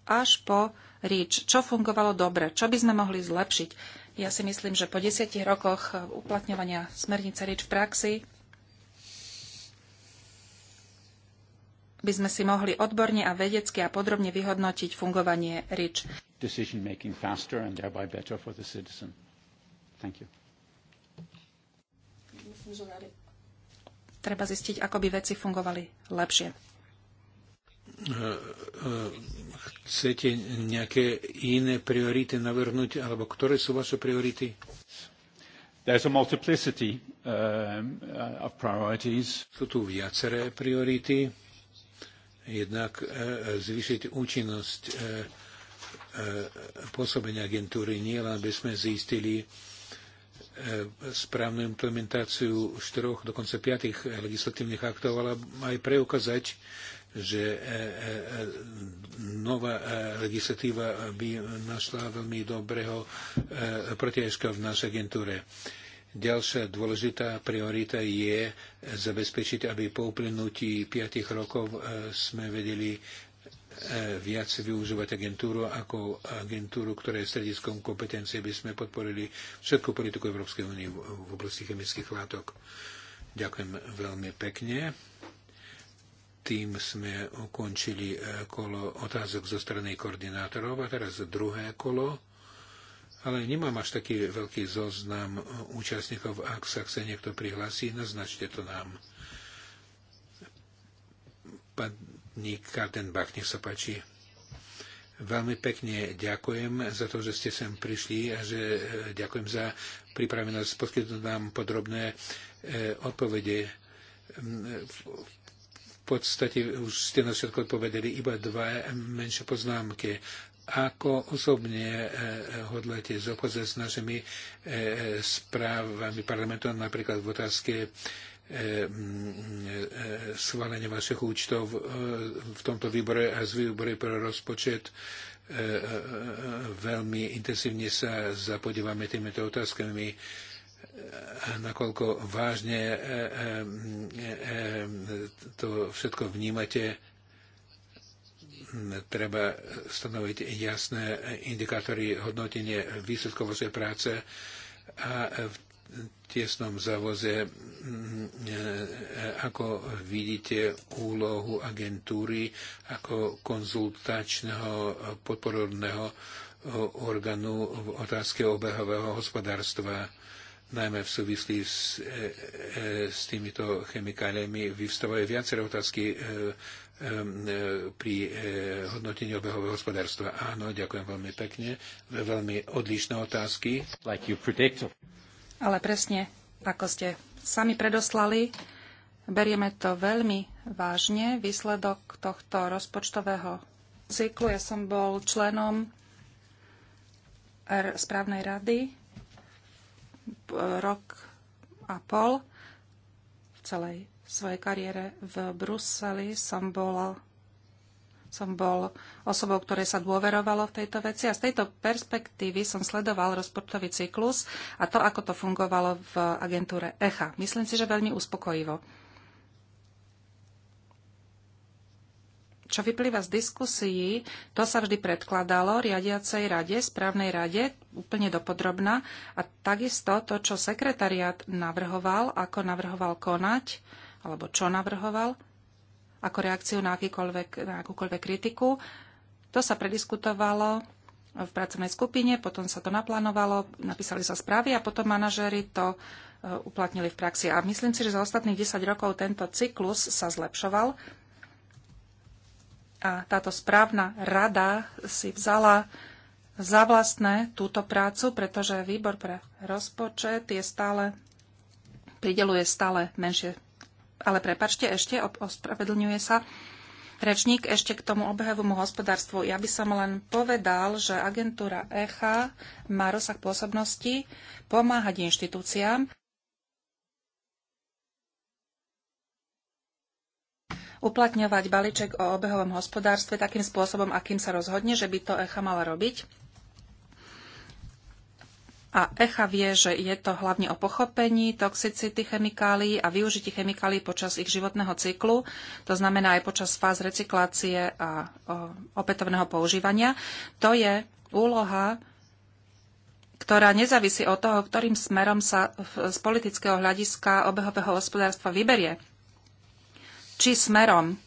až po ríč, Čo fungovalo dobre? Čo by sme mohli zlepšiť? Ja si myslím, že po desiatich rokoch uplatňovania smernice ríč v praxi by sme si mohli odborne a vedecky a podrobne vyhodnotiť fungovanie ríč Thank you treba zistiť, ako by veci fungovali lepšie. Chcete nejaké iné priority navrhnúť, alebo ktoré sú vaše priority? There's a multiplicity um, uh, of priorities. Sú tu viaceré priority. Jednak uh, zvýšiť účinnosť uh, uh, pôsobenia agentúry, nie len aby sme zistili, e, E, správnu implementáciu štyroch, dokonca piatých legislatívnych aktov, ale aj preukázať, že e, e, nová legislatíva by našla veľmi dobrého protiažka v našej agentúre. Ďalšia dôležitá priorita je zabezpečiť, aby po uplynutí piatich rokov sme vedeli E, viac využívať agentúru ako agentúru, ktorá je strediskom kompetencie, by sme podporili všetku politiku Európskej únie v oblasti chemických látok. Ďakujem veľmi pekne. Tým sme ukončili e, kolo otázok zo strany koordinátorov a teraz druhé kolo. Ale nemám až taký veľký zoznam účastníkov. Ak sa chce niekto prihlásiť, naznačte to nám. Pán Nick Kartenbach, nech sa páči. Veľmi pekne ďakujem za to, že ste sem prišli a že e, ďakujem za pripravenosť poskytnúť nám podrobné e, odpovede. V podstate už ste na všetko odpovedali iba dva menšie poznámky. Ako osobne e, hodláte zopozrieť s našimi správami parlamentu, napríklad v otázke E, e, schválenie vašich účtov e, v tomto výbore a z výbore pre rozpočet. Veľmi intenzívne sa zapodívame týmito otázkami nakoľko vážne to všetko vnímate, treba stanoviť jasné indikátory hodnotenie výsledkov vašej práce a v tesnom zavoze, mm, ako vidíte úlohu agentúry ako konzultačného podporodného orgánu v otázke obehového hospodárstva, najmä v súvislí s, e, e, s týmito chemikáliami, vyvstávajú viaceré otázky e, pri hodnotení obehového hospodárstva. Áno, ďakujem veľmi pekne. Veľmi odlišné otázky. Like ale presne, ako ste sami predoslali, berieme to veľmi vážne. Výsledok tohto rozpočtového cyklu, ja som bol členom správnej rady rok a pol v celej svojej kariére v Bruseli som bol, som bol osobou, ktoré sa dôverovalo v tejto veci. A z tejto perspektívy som sledoval rozpočtový cyklus a to, ako to fungovalo v agentúre ECHA. Myslím si, že veľmi uspokojivo. Čo vyplýva z diskusií, to sa vždy predkladalo riadiacej rade, správnej rade, úplne dopodrobná. A takisto to, čo sekretariat navrhoval, ako navrhoval konať, alebo čo navrhoval, ako reakciu na, na akúkoľvek kritiku, to sa prediskutovalo v pracovnej skupine, potom sa to naplánovalo, napísali sa správy a potom manažéri to e, uplatnili v praxi. A myslím si, že za ostatných 10 rokov tento cyklus sa zlepšoval a táto správna rada si vzala za vlastné túto prácu, pretože výbor pre rozpočet je stále, prideluje stále menšie. Ale prepačte ešte, ospravedlňuje sa rečník ešte k tomu obehovému hospodárstvu. Ja by som len povedal, že agentúra ECHA má rozsah pôsobnosti pomáhať inštitúciám uplatňovať balíček o obehovom hospodárstve takým spôsobom, akým sa rozhodne, že by to ECHA mala robiť a ECHA vie, že je to hlavne o pochopení toxicity chemikálií a využití chemikálií počas ich životného cyklu, to znamená aj počas fáz recyklácie a opätovného používania. To je úloha, ktorá nezávisí od toho, ktorým smerom sa z politického hľadiska obehového hospodárstva vyberie. Či smerom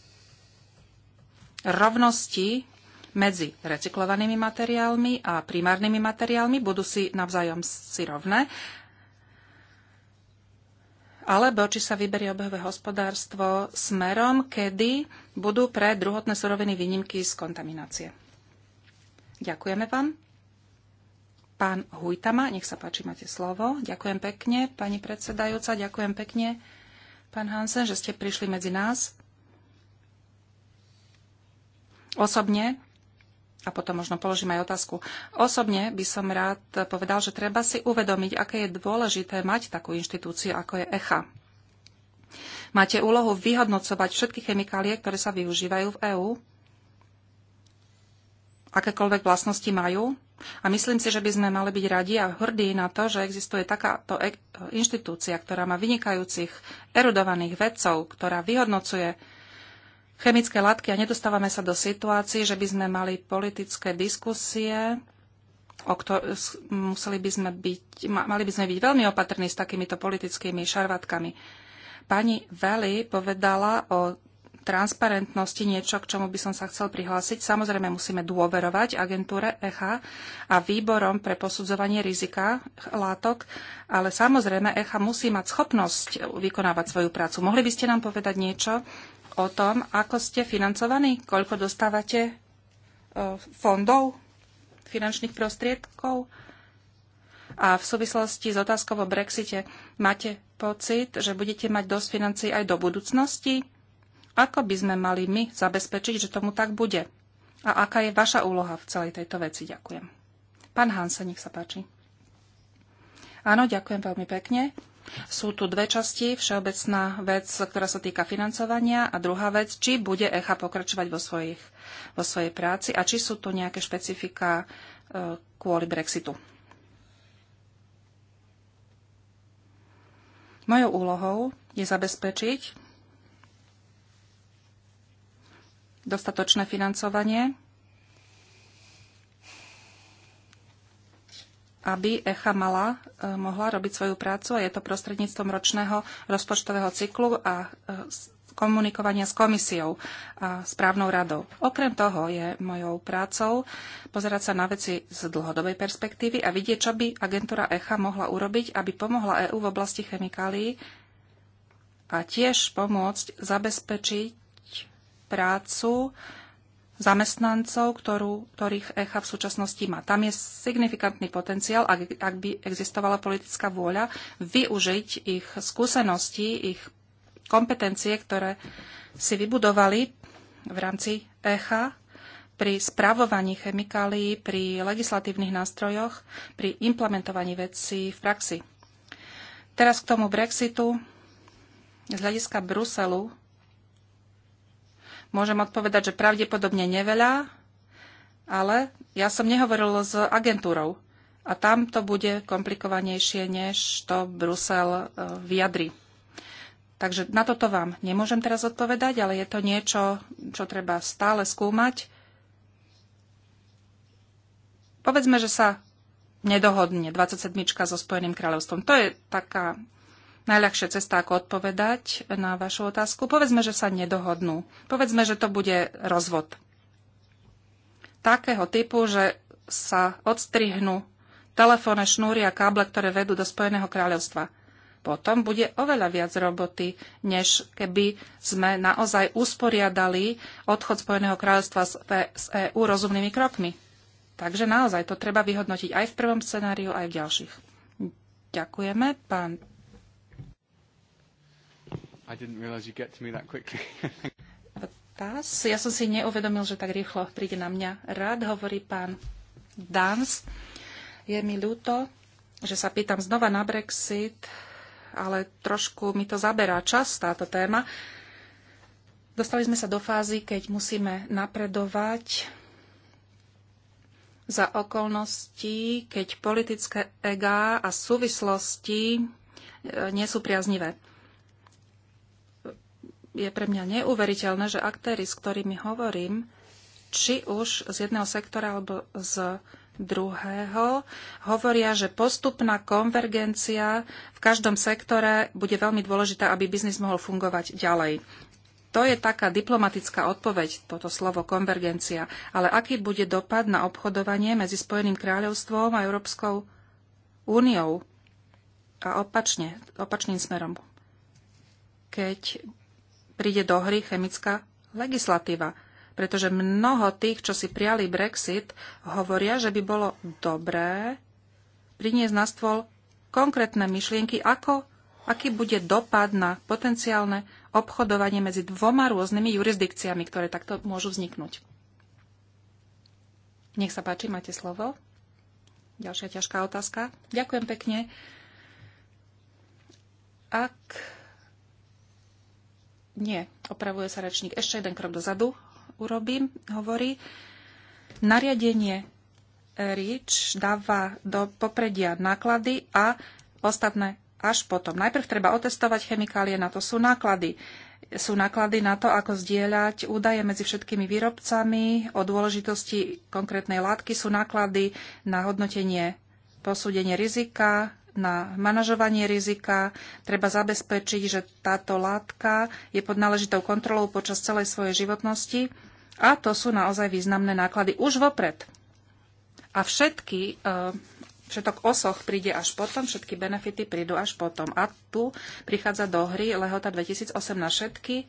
rovnosti medzi recyklovanými materiálmi a primárnymi materiálmi, budú si navzájom si rovné, alebo či sa vyberie obehové hospodárstvo smerom, kedy budú pre druhotné suroviny výnimky z kontaminácie. Ďakujeme vám. Pán Hujtama, nech sa páči, máte slovo. Ďakujem pekne, pani predsedajúca, ďakujem pekne, pán Hansen, že ste prišli medzi nás. Osobne a potom možno položím aj otázku. Osobne by som rád povedal, že treba si uvedomiť, aké je dôležité mať takú inštitúciu, ako je ECHA. Máte úlohu vyhodnocovať všetky chemikálie, ktoré sa využívajú v EÚ, akékoľvek vlastnosti majú. A myslím si, že by sme mali byť radi a hrdí na to, že existuje takáto e- inštitúcia, ktorá má vynikajúcich erudovaných vedcov, ktorá vyhodnocuje chemické látky a nedostávame sa do situácií, že by sme mali politické diskusie, o ktor- museli by sme byť, mali by sme byť veľmi opatrní s takýmito politickými šarvatkami. Pani Veli povedala o transparentnosti niečo, k čomu by som sa chcel prihlásiť. Samozrejme musíme dôverovať agentúre ECHA a výborom pre posudzovanie rizika látok, ale samozrejme ECHA musí mať schopnosť vykonávať svoju prácu. Mohli by ste nám povedať niečo o tom, ako ste financovaní, koľko dostávate e, fondov, finančných prostriedkov? A v súvislosti s otázkou o Brexite, máte pocit, že budete mať dosť financí aj do budúcnosti? Ako by sme mali my zabezpečiť, že tomu tak bude? A aká je vaša úloha v celej tejto veci? Ďakujem. Pán Hansen, nech sa páči. Áno, ďakujem veľmi pekne. Sú tu dve časti. Všeobecná vec, ktorá sa týka financovania a druhá vec, či bude ECHA pokračovať vo, svojich, vo svojej práci a či sú tu nejaké špecifika e, kvôli Brexitu. Mojou úlohou je zabezpečiť dostatočné financovanie aby ECHA mala, e, mohla robiť svoju prácu a je to prostredníctvom ročného rozpočtového cyklu a e, komunikovania s komisiou a správnou radou. Okrem toho je mojou prácou pozerať sa na veci z dlhodobej perspektívy a vidieť, čo by agentúra ECHA mohla urobiť, aby pomohla EÚ v oblasti chemikálií a tiež pomôcť zabezpečiť prácu zamestnancov, ktorú, ktorých ECHA v súčasnosti má. Tam je signifikantný potenciál, ak, ak by existovala politická vôľa, využiť ich skúsenosti, ich kompetencie, ktoré si vybudovali v rámci ECHA pri spravovaní chemikálií, pri legislatívnych nástrojoch, pri implementovaní vecí v praxi. Teraz k tomu Brexitu. Z hľadiska Bruselu môžem odpovedať, že pravdepodobne neveľa, ale ja som nehovoril s agentúrou a tam to bude komplikovanejšie, než to Brusel e, vyjadri. Takže na toto vám nemôžem teraz odpovedať, ale je to niečo, čo treba stále skúmať. Povedzme, že sa nedohodne 27. so Spojeným kráľovstvom. To je taká najľahšia cesta, ako odpovedať na vašu otázku. Povedzme, že sa nedohodnú. Povedzme, že to bude rozvod. Takého typu, že sa odstrihnú telefónne šnúry a káble, ktoré vedú do Spojeného kráľovstva. Potom bude oveľa viac roboty, než keby sme naozaj usporiadali odchod Spojeného kráľovstva z EÚ rozumnými krokmi. Takže naozaj to treba vyhodnotiť aj v prvom scenáriu, aj v ďalších. Ďakujeme. Pán i didn't realize you get to me that quickly. Ja som si neuvedomil, že tak rýchlo príde na mňa rád, hovorí pán Dans. Je mi ľúto, že sa pýtam znova na Brexit, ale trošku mi to zaberá čas táto téma. Dostali sme sa do fázy, keď musíme napredovať za okolností, keď politické egá a súvislosti e, nie sú priaznivé je pre mňa neuveriteľné, že aktéry, s ktorými hovorím, či už z jedného sektora alebo z druhého, hovoria, že postupná konvergencia v každom sektore bude veľmi dôležitá, aby biznis mohol fungovať ďalej. To je taká diplomatická odpoveď, toto slovo konvergencia. Ale aký bude dopad na obchodovanie medzi Spojeným kráľovstvom a Európskou úniou? A opačne, opačným smerom. Keď príde do hry chemická legislatíva. Pretože mnoho tých, čo si priali Brexit, hovoria, že by bolo dobré priniesť na stôl konkrétne myšlienky, ako, aký bude dopad na potenciálne obchodovanie medzi dvoma rôznymi jurisdikciami, ktoré takto môžu vzniknúť. Nech sa páči, máte slovo. Ďalšia ťažká otázka. Ďakujem pekne. Ak nie, opravuje sa rečník. Ešte jeden krok dozadu urobím, hovorí. Nariadenie rič dáva do popredia náklady a ostatné až potom. Najprv treba otestovať chemikálie, na to sú náklady sú náklady na to, ako zdieľať údaje medzi všetkými výrobcami o dôležitosti konkrétnej látky, sú náklady na hodnotenie posúdenie rizika, na manažovanie rizika. Treba zabezpečiť, že táto látka je pod náležitou kontrolou počas celej svojej životnosti a to sú naozaj významné náklady už vopred. A všetky, eh, všetok osoch príde až potom, všetky benefity prídu až potom. A tu prichádza do hry lehota 2008 na všetky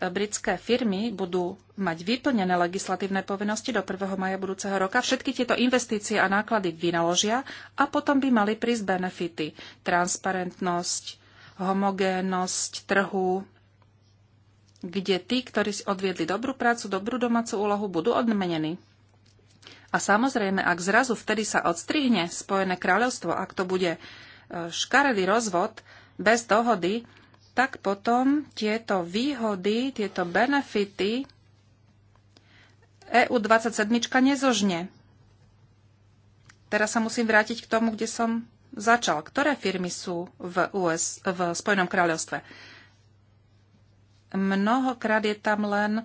britské firmy budú mať vyplnené legislatívne povinnosti do 1. maja budúceho roka. Všetky tieto investície a náklady vynaložia a potom by mali prísť benefity. Transparentnosť, homogénnosť trhu, kde tí, ktorí si odviedli dobrú prácu, dobrú domácu úlohu, budú odmenení. A samozrejme, ak zrazu vtedy sa odstrihne Spojené kráľovstvo, ak to bude e, škaredý rozvod bez dohody, tak potom tieto výhody, tieto benefity EU27 nezožne. Teraz sa musím vrátiť k tomu, kde som začal. Ktoré firmy sú v, US, v Spojenom kráľovstve? Mnohokrát je tam len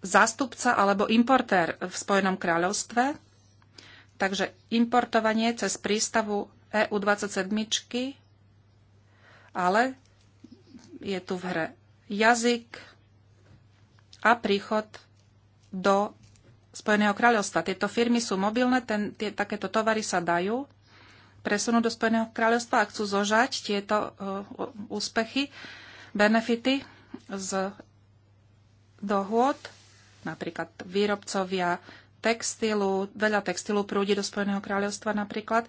zástupca alebo importér v Spojenom kráľovstve, takže importovanie cez prístavu EU27, ale je tu v hre jazyk a príchod do Spojeného kráľovstva. Tieto firmy sú mobilné, ten, tie, takéto tovary sa dajú presunúť do Spojeného kráľovstva a chcú zožať tieto uh, úspechy, benefity z dohôd, napríklad výrobcovia textilu, veľa textilu prúdi do Spojeného kráľovstva napríklad.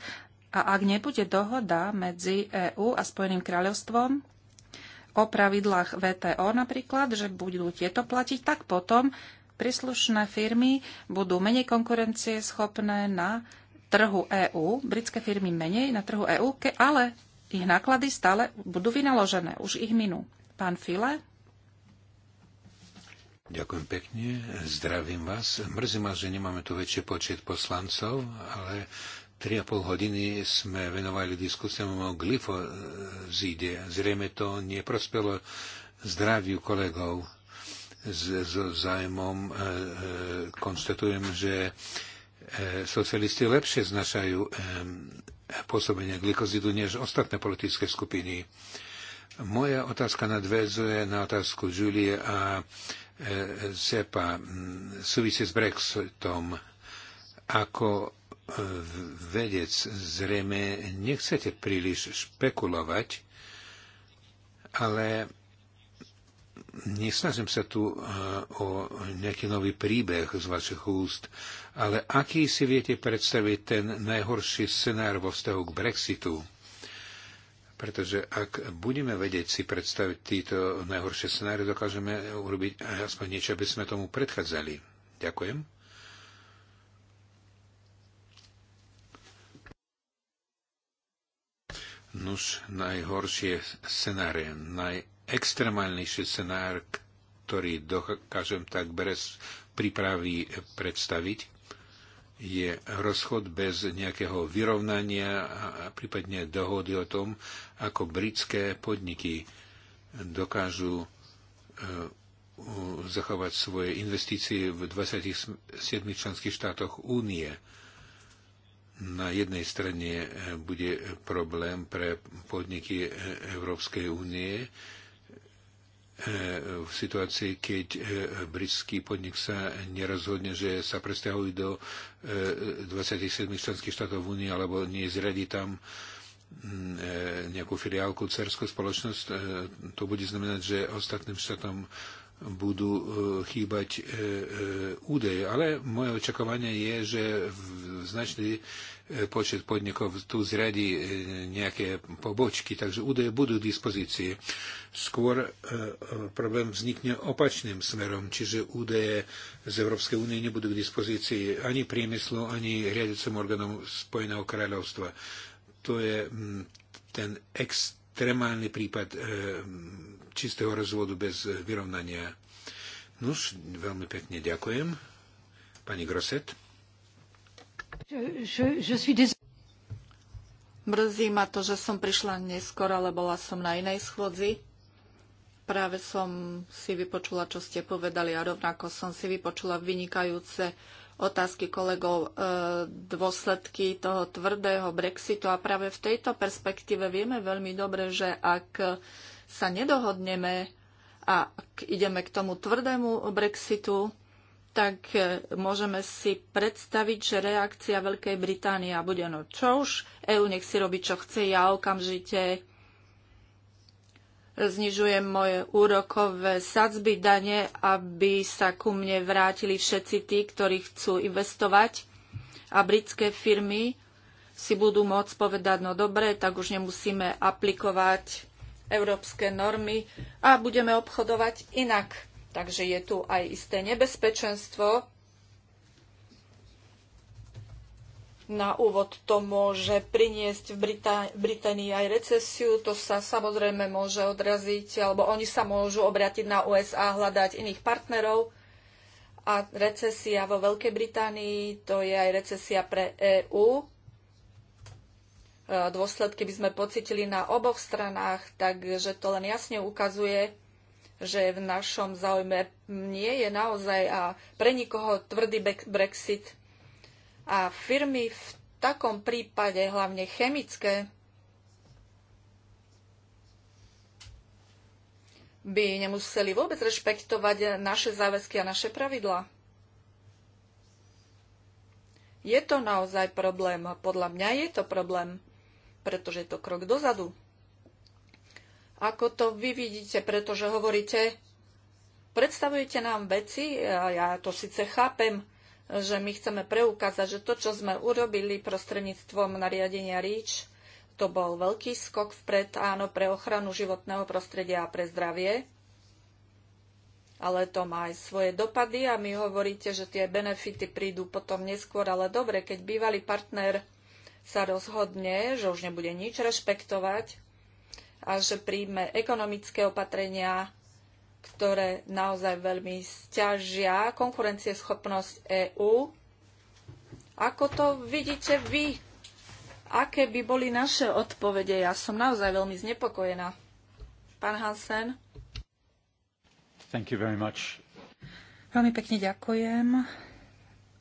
A ak nebude dohoda medzi EÚ a Spojeným kráľovstvom, o pravidlách VTO napríklad, že budú tieto platiť, tak potom príslušné firmy budú menej konkurencieschopné na trhu EÚ, britské firmy menej na trhu EÚ, ale ich náklady stále budú vynaložené, už ich minú. Pán File? Ďakujem pekne, zdravím vás. Mrzí ma, že nemáme tu väčší počet poslancov, ale 3,5 hodiny sme venovali diskusiám o glyfozíde. Zrejme to neprospelo zdraviu kolegov. S, zájmom e, e, konstatujem, že e, socialisti lepšie znašajú e, pôsobenie glykozidu než ostatné politické skupiny. Moja otázka nadväzuje na otázku Julie a e, Sepa. Mm, súvisí s Brexitom. Ako vedec, zrejme nechcete príliš špekulovať, ale nesnažím sa tu eh, o nejaký nový príbeh z vašich úst, ale aký si viete predstaviť ten najhorší scenár vo vzťahu k Brexitu? Pretože ak budeme vedieť si predstaviť títo najhoršie scenáre, dokážeme urobiť aspoň niečo, aby sme tomu predchádzali. Ďakujem. Nuž najhoršie scenárie, najextrémálnejší scenár, ktorý dokážem tak bez prípravy predstaviť, je rozchod bez nejakého vyrovnania a prípadne dohody o tom, ako britské podniky dokážu e, zachovať svoje investície v 27 členských štátoch únie na jednej strane e, bude problém pre podniky e, Európskej únie e, v situácii, keď britský podnik sa nerozhodne, že sa presťahujú do 27 členských štátov únie alebo nie tam nejakú filiálku, cerskú spoločnosť, to bude znamenať, že ostatným štátom budú e, chýbať e, e, údaje. Ale moje očakávanie je, že značný počet podnikov tu zradí nejaké pobočky, takže údaje budú v dispozícii. Skôr problém vznikne opačným smerom, čiže údaje z Európskej únie nebudú k dispozícii ani priemyslu, ani riadiacim orgánom Spojeného kráľovstva. To je ten extrémálny prípad čistého rozvodu bez vyrovnania. No, veľmi pekne ďakujem. Pani Groset. Mrzí ma to, že som prišla neskoro, ale bola som na inej schôdzi. Práve som si vypočula, čo ste povedali a rovnako som si vypočula vynikajúce otázky kolegov, e, dôsledky toho tvrdého Brexitu a práve v tejto perspektíve vieme veľmi dobre, že ak sa nedohodneme a ak ideme k tomu tvrdému Brexitu, tak e, môžeme si predstaviť, že reakcia Veľkej Británie bude no čo už, EU nech si robí, čo chce, ja okamžite znižujem moje úrokové sadzby dane, aby sa ku mne vrátili všetci tí, ktorí chcú investovať a britské firmy si budú môcť povedať, no dobre, tak už nemusíme aplikovať európske normy a budeme obchodovať inak. Takže je tu aj isté nebezpečenstvo. Na úvod to môže priniesť v Británii aj recesiu. To sa samozrejme môže odraziť, alebo oni sa môžu obrátiť na USA, hľadať iných partnerov. A recesia vo Veľkej Británii, to je aj recesia pre EÚ dôsledky by sme pocitili na oboch stranách, takže to len jasne ukazuje, že v našom záujme nie je naozaj a pre nikoho tvrdý Brexit. A firmy v takom prípade, hlavne chemické, by nemuseli vôbec rešpektovať naše záväzky a naše pravidlá. Je to naozaj problém. Podľa mňa je to problém pretože je to krok dozadu. Ako to vy vidíte, pretože hovoríte, predstavujete nám veci, a ja to síce chápem, že my chceme preukázať, že to, čo sme urobili prostredníctvom nariadenia REACH, to bol veľký skok vpred, áno, pre ochranu životného prostredia a pre zdravie, ale to má aj svoje dopady a my hovoríte, že tie benefity prídu potom neskôr, ale dobre, keď bývalý partner sa rozhodne, že už nebude nič rešpektovať a že príjme ekonomické opatrenia, ktoré naozaj veľmi stiažia konkurencieschopnosť EÚ. Ako to vidíte vy? Aké by boli naše odpovede? Ja som naozaj veľmi znepokojená. Pán Hansen. Thank you very much. Veľmi pekne ďakujem.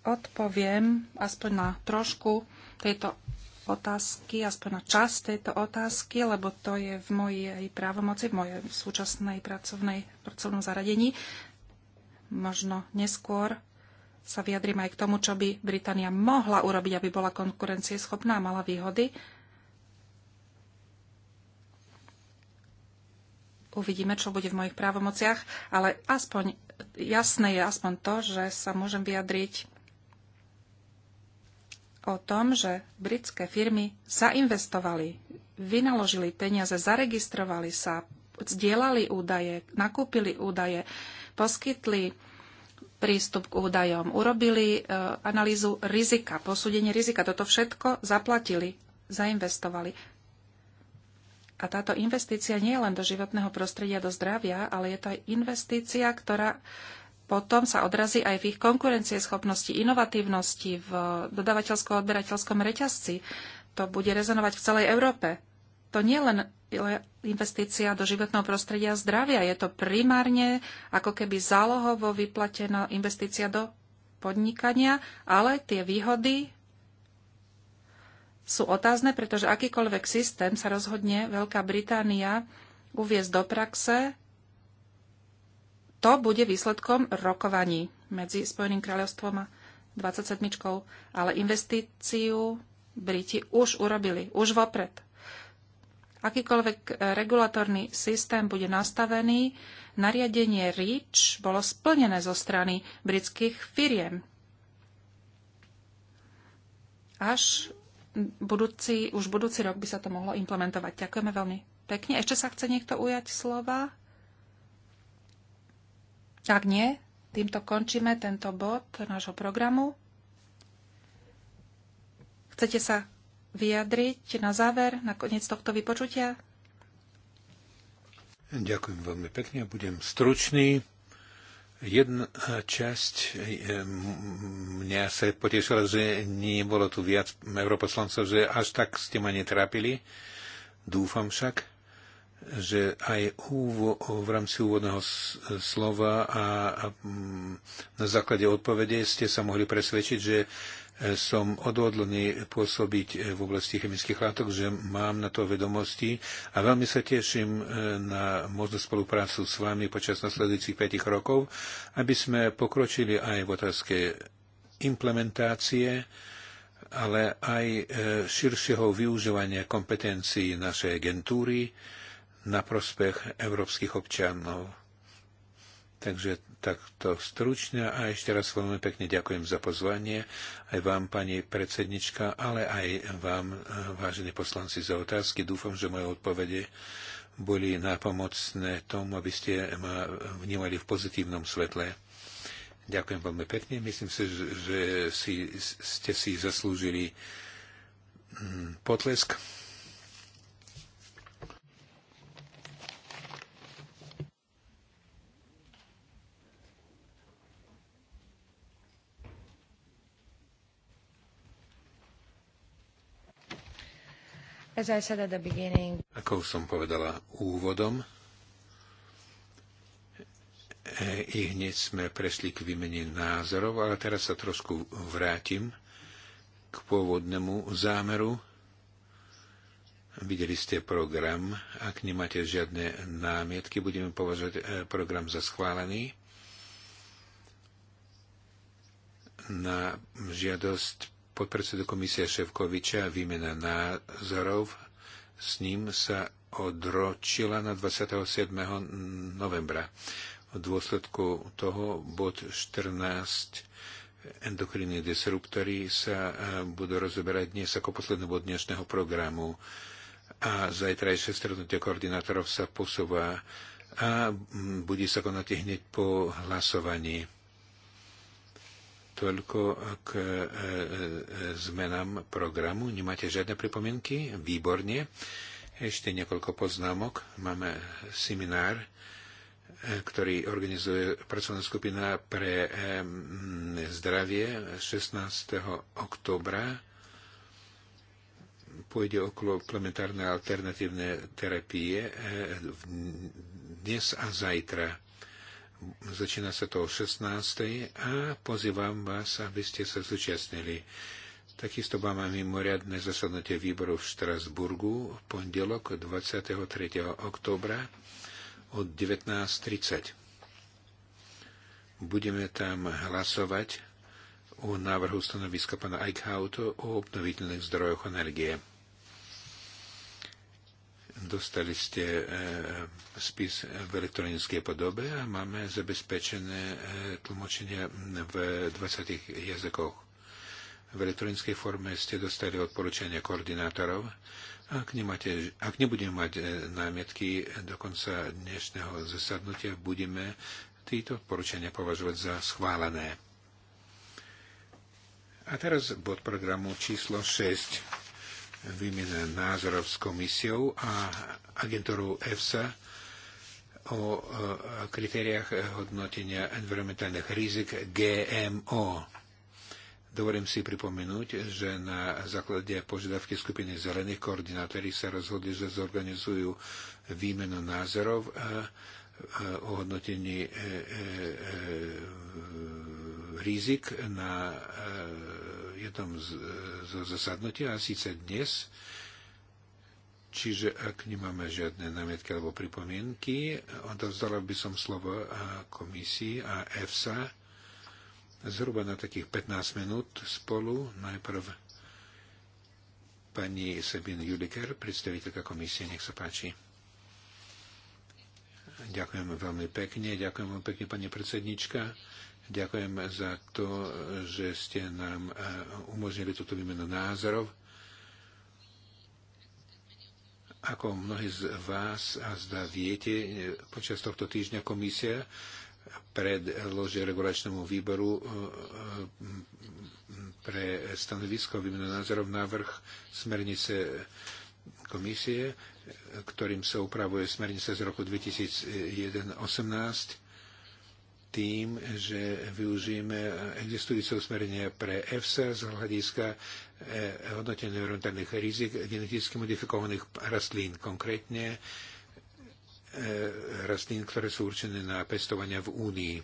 Odpoviem aspoň na trošku tejto otázky, aspoň na čas tejto otázky, lebo to je v mojej právomoci, v mojej súčasnej pracovnej, pracovnom zaradení. Možno neskôr sa vyjadrím aj k tomu, čo by Británia mohla urobiť, aby bola konkurencieschopná a mala výhody. Uvidíme, čo bude v mojich právomociach, ale aspoň jasné je aspoň to, že sa môžem vyjadriť o tom, že britské firmy zainvestovali, vynaložili peniaze, zaregistrovali sa, zdieľali údaje, nakúpili údaje, poskytli prístup k údajom, urobili e, analýzu rizika, posúdenie rizika. Toto všetko zaplatili, zainvestovali. A táto investícia nie je len do životného prostredia, do zdravia, ale je to aj investícia, ktorá potom sa odrazí aj v ich konkurencieschopnosti, inovatívnosti, v dodavateľsko-odberateľskom reťazci. To bude rezonovať v celej Európe. To nie je len investícia do životného prostredia a zdravia, je to primárne ako keby zálohovo vyplatená investícia do podnikania, ale tie výhody sú otázne, pretože akýkoľvek systém sa rozhodne Veľká Británia uviezť do praxe, to bude výsledkom rokovaní medzi Spojeným kráľovstvom a 27. Ale investíciu Briti už urobili, už vopred. Akýkoľvek regulatorný systém bude nastavený, nariadenie REACH bolo splnené zo strany britských firiem. Až budúci, už budúci rok by sa to mohlo implementovať. Ďakujeme veľmi pekne. Ešte sa chce niekto ujať slova? Ak nie, týmto končíme tento bod nášho programu. Chcete sa vyjadriť na záver, na koniec tohto vypočutia? Ďakujem veľmi pekne, budem stručný. Jedna časť e, mňa sa potešila, že nebolo tu viac europoslancov, že až tak ste ma netrápili. Dúfam však, že aj úvo, v rámci úvodného slova a, a mm, na základe odpovede ste sa mohli presvedčiť, že e, som odhodlný pôsobiť e, v oblasti chemických látok, že mám na to vedomosti a veľmi sa teším e, na možnú spoluprácu s vami počas nasledujúcich 5 rokov, aby sme pokročili aj v otázke implementácie, ale aj širšieho využívania kompetencií našej agentúry, na prospech európskych občanov. Takže takto stručne a ešte raz veľmi pekne ďakujem za pozvanie aj vám, pani predsednička, ale aj vám, eh, vážení poslanci, za otázky. Dúfam, že moje odpovede boli nápomocné tomu, aby ste ma vnímali v pozitívnom svetle. Ďakujem veľmi pekne. Myslím si, že si, ste si zaslúžili hm, potlesk. Ako už som povedala úvodom, i hneď sme prešli k výmene názorov, ale teraz sa trošku vrátim k pôvodnému zámeru. Videli ste program. Ak nemáte žiadne námietky, budeme považovať e, program za schválený. Na žiadosť podpredsedu komisie Ševkoviča výmena názorov. S ním sa odročila na 27. novembra. V dôsledku toho bod 14 endokrinní disruptory sa eh, budú rozoberať dnes ako posledný bod dnešného programu a zajtrajšie stretnutie koordinátorov sa posúva a mm, bude sa konať hneď po hlasovaní. Toľko k e, e, e, zmenám programu. Nemáte žiadne pripomienky? Výborne. Ešte niekoľko poznámok. Máme seminár, ktorý organizuje pracovná skupina pre zdravie 16. oktobra. Pôjde okolo plementárne alternatívne terapie dnes a zajtra Začína sa to o 16. a pozývam vás, aby ste sa zúčastnili. Takisto máme mimoriadne zasadnutie výboru v Štrasburgu v pondelok 23. oktobra od 19.30. Budeme tam hlasovať o návrhu stanoviska pana Eichhauta o obnoviteľných zdrojoch energie. Dostali ste e, spis v elektronickej podobe a máme zabezpečené e, tlmočenie v 20 jazykoch. V elektronickej forme ste dostali odporúčania koordinátorov. Ak, nemáte, ak nebudeme mať e, námietky do konca dnešného zasadnutia, budeme tieto odporúčania považovať za schválené. A teraz bod programu číslo 6 výmena názorov s komisiou a agentúrou EFSA o e, kritériách hodnotenia environmentálnych rizik GMO. Dovolím si pripomenúť, že na základe požiadavky skupiny zelených koordinátori sa rozhodli, že zorganizujú výmenu názorov e, e, o hodnotení rizik na jednom z, z zasadnutia, a síce dnes, Čiže ak nemáme žiadne námietky alebo pripomienky, odovzdala by som slovo a komisii a EFSA zhruba na takých 15 minút spolu. Najprv pani Sabine Juliker, predstaviteľka komisie, nech sa páči. Ďakujem veľmi pekne, ďakujem veľmi pekne, pani predsednička. Ďakujem za to, že ste nám eh, umožnili túto výmenu názorov. Ako mnohí z vás a zda viete, eh, počas tohto týždňa komisia predloží regulačnému výboru eh, pre stanovisko výmenu názorov návrh smernice komisie, ktorým sa upravuje smernica z roku 2018 tým, že využijeme existujúce usmerenia pre EFSA z hľadiska e, hodnotenia orientálnych rizik geneticky modifikovaných rastlín, konkrétne e, rastlín, ktoré sú určené na pestovania v Únii.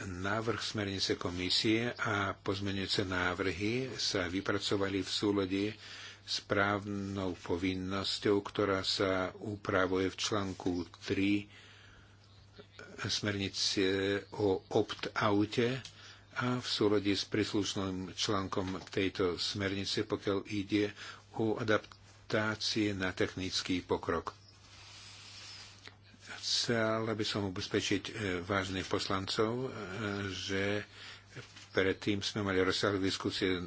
Návrh smernice komisie a pozmenujúce návrhy sa vypracovali v súlade s právnou povinnosťou, ktorá sa upravuje v článku 3 smernic o opt-aute a v súlade s príslušným článkom tejto smernice, pokiaľ ide o adaptácie na technický pokrok. Chcela by som ubezpečiť eh, vážnych poslancov, eh, že predtým sme mali rozsiahle diskusie eh,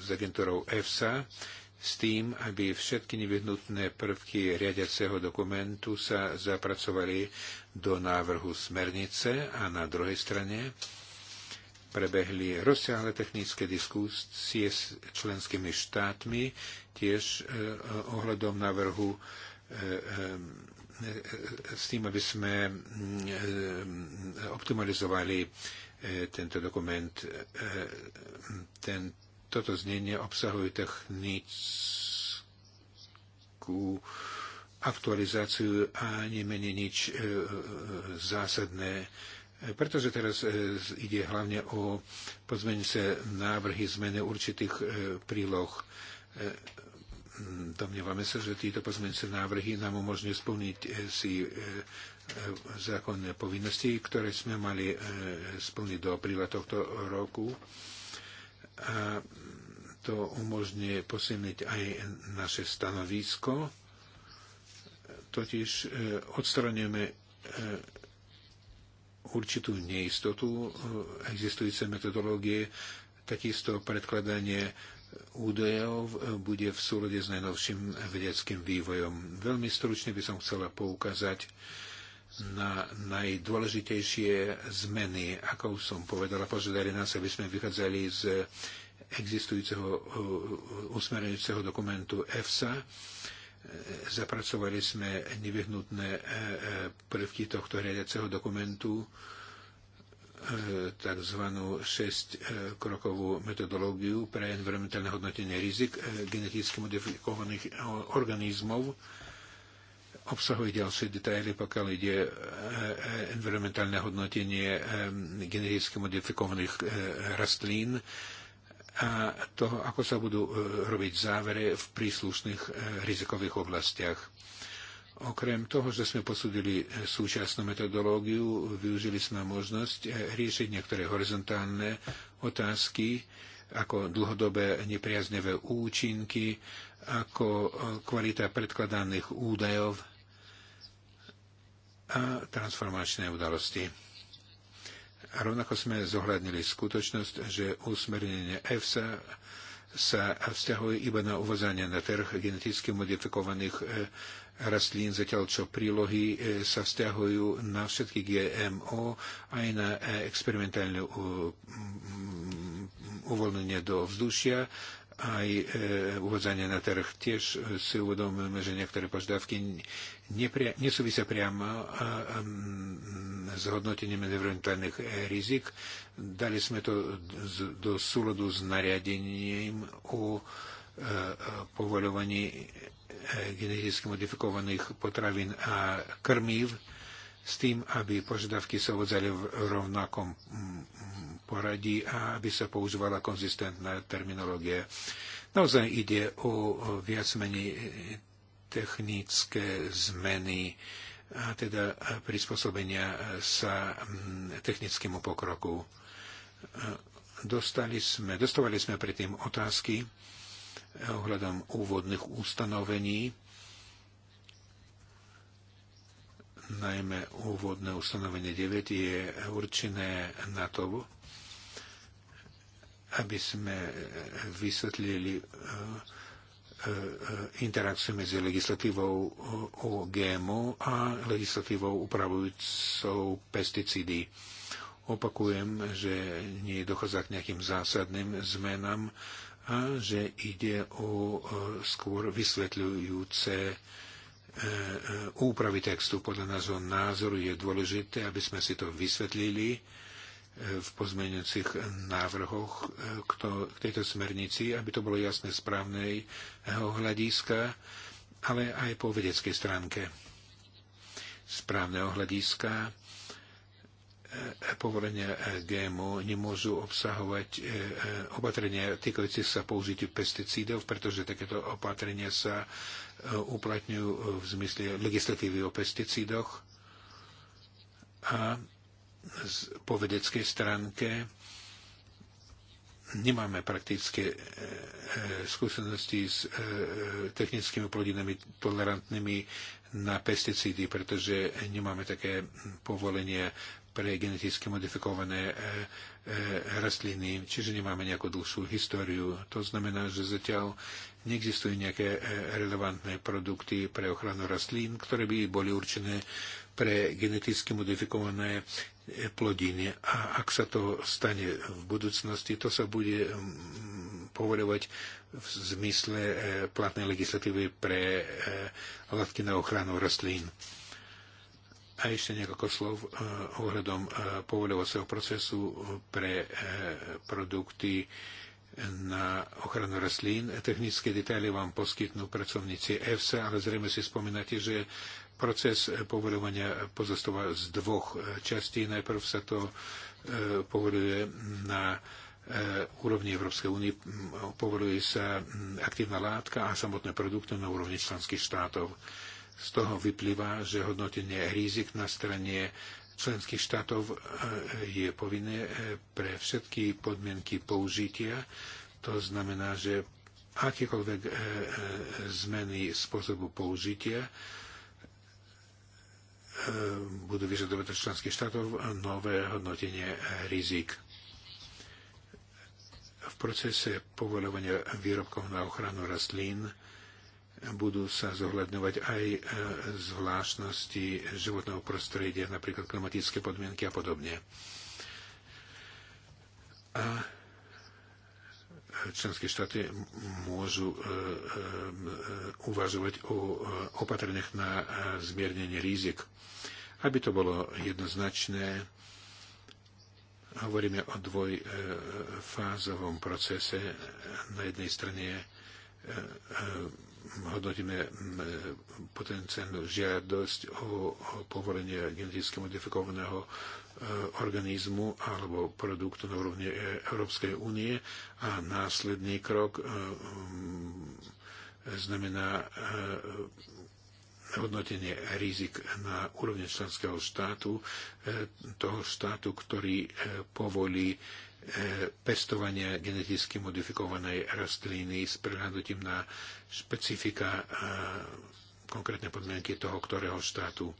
s agentúrou EFSA, s tým, aby všetky nevyhnutné prvky riadiaceho dokumentu sa zapracovali do návrhu smernice a na druhej strane prebehli rozsiahle technické diskusie s členskými štátmi, tiež e, e, ohľadom návrhu e, s tým, aby sme optimalizovali tento dokument. Ten toto znenie obsahuje technickú aktualizáciu a nemení nič e, zásadné, pretože teraz e, ide hlavne o pozmenice návrhy zmeny určitých e, príloh. Domnievame sa, že títo pozmenice návrhy nám umožňujú splniť si zákonné povinnosti, ktoré sme mali splniť do apríla tohto roku. A to umožňuje posilniť aj naše stanovisko, totiž e, odstraňujeme e, určitú neistotu e, existujúce metodológie, takisto predkladanie údajov bude v súlade s najnovším vedeckým vývojom. Veľmi stručne by som chcela poukázať na najdôležitejšie zmeny. Ako som povedala, požiadali nás, aby sme vychádzali z existujúceho eh, usmerujúceho dokumentu EFSA. Eh, zapracovali sme nevyhnutné eh, prvky tohto riadiaceho dokumentu, tzv. 6-krokovú metodológiu pre environmentálne hodnotenie rizik geneticky modifikovaných organizmov. Obsahuje ďalšie detaily, pokiaľ ide environmentálne hodnotenie geneticky modifikovaných rastlín a toho, ako sa budú e, robiť závere v príslušných e, rizikových oblastiach. Okrem toho, že sme posúdili e, súčasnú metodológiu, využili sme možnosť riešiť niektoré horizontálne otázky, ako dlhodobé nepriaznevé účinky, ako kvalita predkladaných údajov a transformačné udalosti. A rovnako sme zohľadnili skutočnosť, že usmernenie EFSA sa vzťahuje iba na uvozanie na trh geneticky modifikovaných e, rastlín, zatiaľ čo prílohy e, sa vzťahujú na všetky GMO aj na e, experimentálne uvoľnenie do vzdušia aj e, uvádzanie na trh. Tiež e, si uvedomujeme, že niektoré požiadavky nepria- nesúvisia priamo s hodnotením environmentálnych e, rizik. Dali sme to do súladu s nariadením o e, povoľovaní e, geneticky modifikovaných potravín a krmív s tým, aby požiadavky sa uvádzali v rovnakom poradí a aby sa používala konzistentná terminológia. Naozaj ide o viac menej technické zmeny a teda prispôsobenia sa mm, technickému pokroku. Dostali sme, dostávali sme predtým otázky ohľadom úvodných ustanovení, najmä úvodné ustanovenie 9 je určené na to, aby sme eh, vysvetlili eh, eh, interakciu medzi legislatívou o GMO a legislatívou upravujúcou pesticídy. Opakujem, že nie dochádza k nejakým zásadným zmenám a že ide o skôr vysvetľujúce úpravy textu. Podľa nášho názoru je dôležité, aby sme si to vysvetlili v pozmeňujúcich návrhoch e, k tejto smernici, aby to bolo jasné správnej hľadiska, ale aj po vedeckej stránke správneho hľadiska e, povolenia e, GMO nemôžu obsahovať opatrenia týkajúce sa použitiu pesticídov, pretože takéto opatrenia sa uplatňujú v zmysle legislatívy o pesticídoch a po vedeckej stránke nemáme praktické e, e, skúsenosti s e, technickými plodinami tolerantnými na pesticídy, pretože nemáme také povolenie pre geneticky modifikované rastliny, čiže nemáme nejakú dlhšiu históriu. To znamená, že zatiaľ neexistujú nejaké relevantné produkty pre ochranu rastlín, ktoré by boli určené pre geneticky modifikované plodiny. A ak sa to stane v budúcnosti, to sa bude mm, povoľovať v zmysle e, platnej legislatívy pre e, látky na ochranu rastlín. A ešte niekoľko slov e, ohľadom povoľovacieho procesu pre produkty na ochranu rastlín. Technické detaily vám poskytnú pracovníci EFSA, ale zrejme si spomínate, že Proces e, povolovania pozostáva z dvoch e, častí. Najprv sa to e, povoluje na úrovni Európskej únie povoluje sa aktívna látka a samotné produkty na úrovni členských štátov. Z toho vyplýva, že hodnotenie rizik na strane členských štátov je povinné pre všetky podmienky použitia. To znamená, že akékoľvek zmeny spôsobu použitia Ehm, budú vyžadovať od členských štátov nové hodnotenie rizik. V procese povoľovania výrobkov na ochranu rastlín budú sa zohľadňovať aj e, zvláštnosti životného prostredia, napríklad klimatické podmienky a podobne. A členské štáty môžu e, e, uvažovať o e, opatreniach na zmiernenie rizik. Aby to bolo jednoznačné, hovoríme o dvojfázovom procese. Na jednej strane Eh, eh, hodnotíme eh, potenciálnu žiadosť o povolenie geneticky modifikovaného organizmu alebo produktu na úrovni Európskej únie a následný krok mm, znamená hodnotenie rizik na úrovni členského štátu, toho štátu, ktorý povolí pestovania geneticky modifikovanej rastliny s prehľadnutím na špecifika a konkrétne podmienky toho, ktorého štátu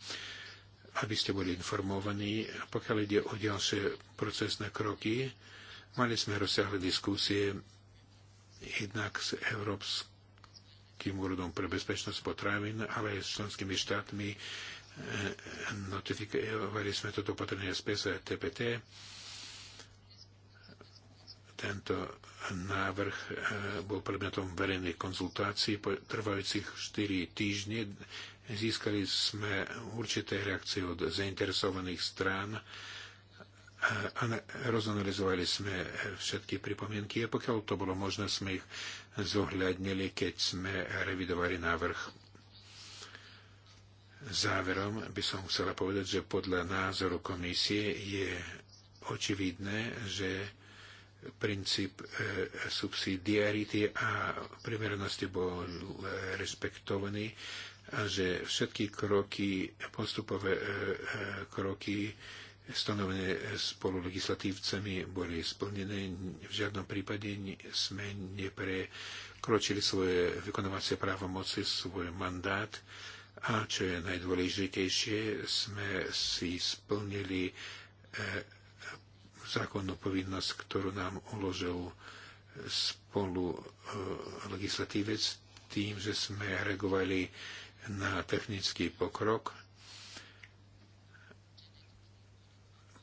aby ste boli informovaní. A pokiaľ ide o ďalšie procesné kroky, mali sme rozsiahle diskusie jednak s Európskym úrodom pre bezpečnosť potravín, ale aj s členskými štátmi. E, e, notifikovali sme toto opatrenie z PSA TPT. Tento návrh e, bol predmetom verejnej konzultácii po trvajúcich 4 týždne. Získali sme určité reakcie od zainteresovaných strán a rozanalizovali sme všetky pripomienky a pokiaľ to bolo možné, sme ich zohľadnili, keď sme revidovali návrh. Záverom by som chcela povedať, že podľa názoru komisie je očividné, že princíp e, subsidiarity a primeranosti bol respektovaný a že všetky kroky, postupové e, e, kroky stanovené spolu legislatívcami boli splnené. V žiadnom prípade sme neprekročili svoje vykonovacie právomoci, svoj mandát a čo je najdôležitejšie, sme si splnili zákonnú povinnosť, ktorú nám uložil e, spolu e, legislatívec tým, že sme reagovali na technický pokrok.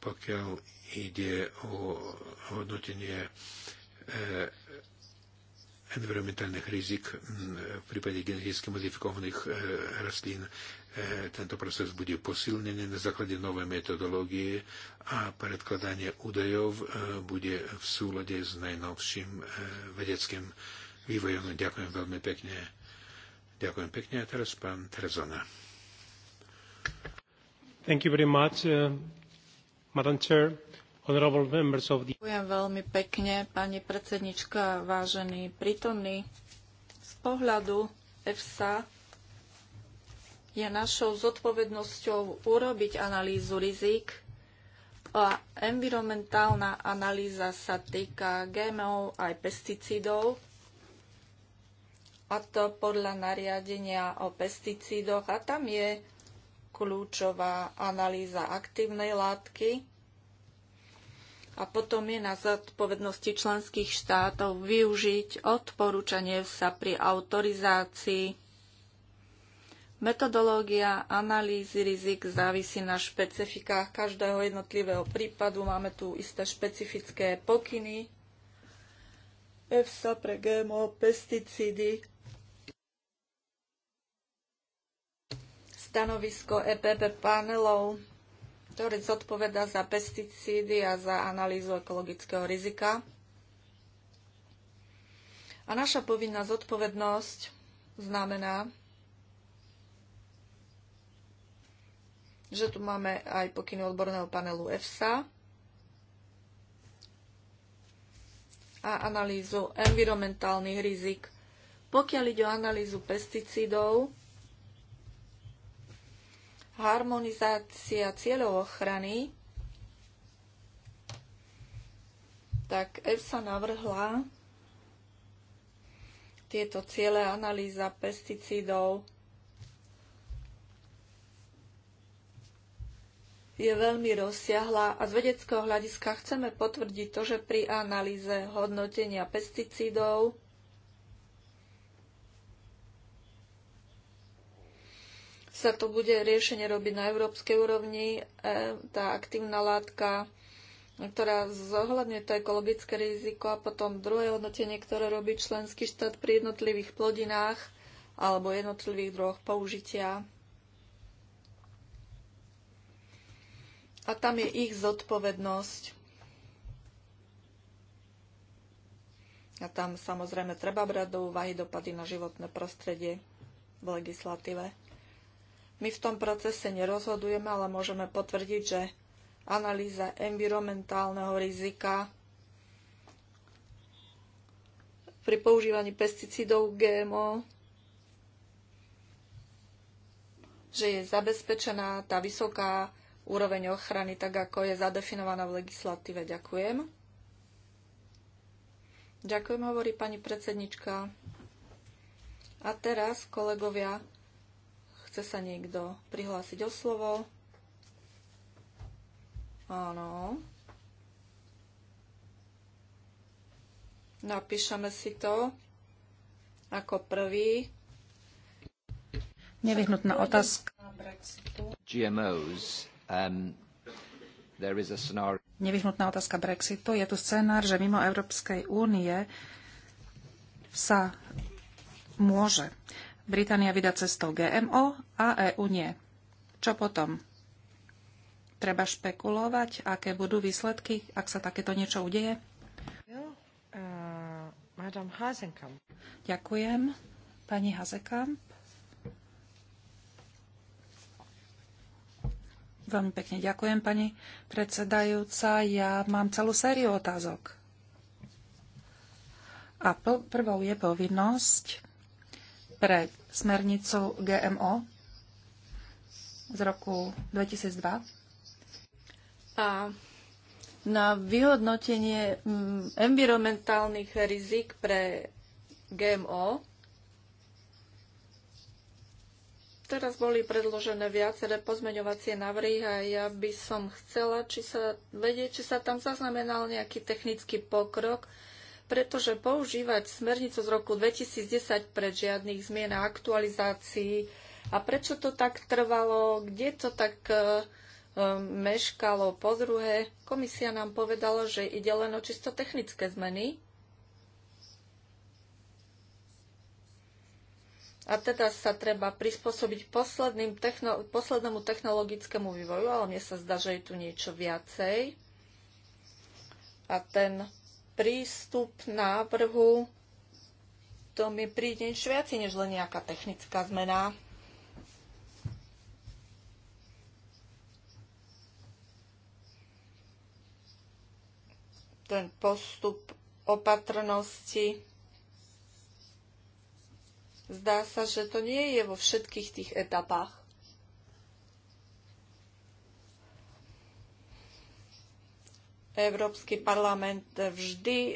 Pokiaľ ide o hodnotenie e, environmentálnych rizik v prípade geneticky modifikovaných rastlín. E, tento proces bude posilnený na základe novej metodológie a predkladanie údajov e, bude v súlade s najnovším e, vedeckým vývojom. Ďakujem veľmi pekne. Ďakujem pekne a teraz pán Trezona. Thank you very much, uh, Madam Chair. Ďakujem veľmi pekne, pani predsednička, vážení prítomní. Z pohľadu EFSA je našou zodpovednosťou urobiť analýzu rizik. A environmentálna analýza sa týka GMO aj pesticídov, a to podľa nariadenia o pesticídoch. A tam je kľúčová analýza aktívnej látky. A potom je na zodpovednosti členských štátov využiť odporúčanie sa pri autorizácii Metodológia analýzy rizik závisí na špecifikách každého jednotlivého prípadu. Máme tu isté špecifické pokyny. EFSA pre GMO, pesticídy, stanovisko EPP panelov, ktoré zodpoveda za pesticídy a za analýzu ekologického rizika. A naša povinná zodpovednosť znamená, že tu máme aj pokyny odborného panelu EFSA a analýzu environmentálnych rizik. Pokiaľ ide o analýzu pesticídov, harmonizácia cieľov ochrany, tak EFSA navrhla tieto ciele analýza pesticídov je veľmi rozsiahla a z vedeckého hľadiska chceme potvrdiť to, že pri analýze hodnotenia pesticídov sa to bude riešenie robiť na európskej úrovni. E, tá aktívna látka, ktorá zohľadňuje to ekologické riziko a potom druhé hodnotenie, ktoré robí členský štát pri jednotlivých plodinách alebo jednotlivých druhoch použitia. a tam je ich zodpovednosť. A tam samozrejme treba brať do úvahy dopady na životné prostredie v legislatíve. My v tom procese nerozhodujeme, ale môžeme potvrdiť, že analýza environmentálneho rizika pri používaní pesticídov GMO, že je zabezpečená tá vysoká úroveň ochrany, tak ako je zadefinovaná v legislatíve. Ďakujem. Ďakujem, hovorí pani predsednička. A teraz, kolegovia, chce sa niekto prihlásiť o slovo? Áno. Napíšeme si to ako prvý. Nevyhnutná otázka. GMOs Um, Nevyhnutná otázka Brexitu. Je tu scenár, že mimo Európskej únie sa môže Británia vydať cestou GMO a EÚ nie. Čo potom? Treba špekulovať, aké budú výsledky, ak sa takéto niečo udeje? Uh, Ďakujem. Pani Hazekamp. Veľmi pekne ďakujem, pani predsedajúca. Ja mám celú sériu otázok. A prvou je povinnosť pre smernicu GMO z roku 2002. A na vyhodnotenie mm, environmentálnych rizik pre GMO Teraz boli predložené viaceré pozmeňovacie návrhy a ja by som chcela či sa, vedieť, či sa tam zaznamenal nejaký technický pokrok, pretože používať smernicu z roku 2010 pre žiadnych zmien a aktualizácií a prečo to tak trvalo, kde to tak e, e, meškalo. Po druhé, komisia nám povedala, že ide len o čisto technické zmeny, a teda sa treba prispôsobiť techno, poslednému technologickému vývoju, ale mne sa zdá, že je tu niečo viacej. A ten prístup návrhu, to mi príde niečo viacej, než len nejaká technická zmena. Ten postup opatrnosti Zdá sa, že to nie je vo všetkých tých etapách. Európsky parlament vždy e,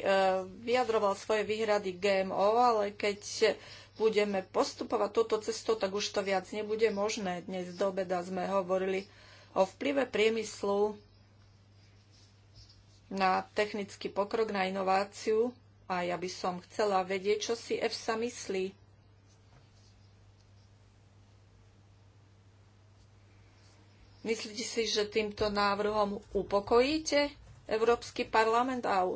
vyjadroval svoje výhrady GMO, ale keď budeme postupovať túto cestou, tak už to viac nebude možné. Dnes do obeda sme hovorili o vplyve priemyslu na technický pokrok, na inováciu a ja by som chcela vedieť, čo si EFSA myslí Myslíte si, že týmto návrhom upokojíte Európsky parlament a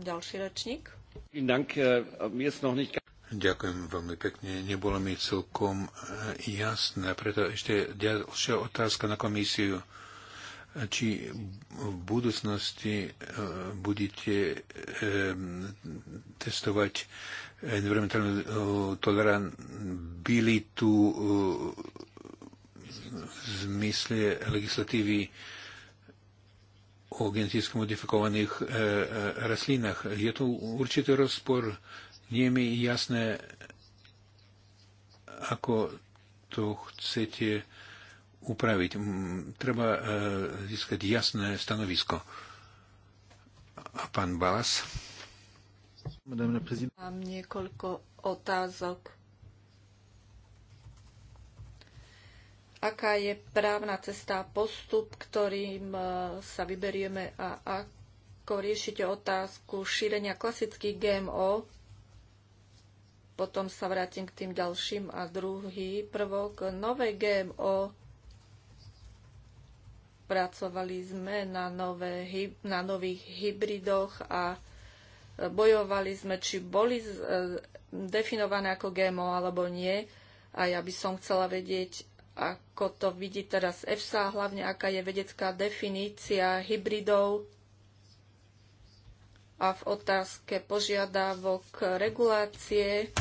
ďalší rečník? Äh, Ďakujem veľmi pekne. Nebolo mi celkom äh, jasné, preto ešte ďalšia otázka na komisiu. Či v budúcnosti äh, budete ähm, testovať environmentálnu tolerabilitu v zmysle legislatívy o geneticky modifikovaných e, e, rastlinách. Je to určitý rozpor, nie je mi jasné, ako to chcete upraviť. Treba e, získať jasné stanovisko. A pán Balas? Mám niekoľko otázok aká je právna cesta a postup, ktorým e, sa vyberieme a ako riešite otázku šírenia klasických GMO. Potom sa vrátim k tým ďalším a druhý prvok. Nové GMO pracovali sme na, nové, na nových hybridoch a e, bojovali sme, či boli e, definované ako GMO alebo nie. A ja by som chcela vedieť, ako to vidí teraz EFSA, hlavne aká je vedecká definícia hybridov a v otázke požiadavok regulácie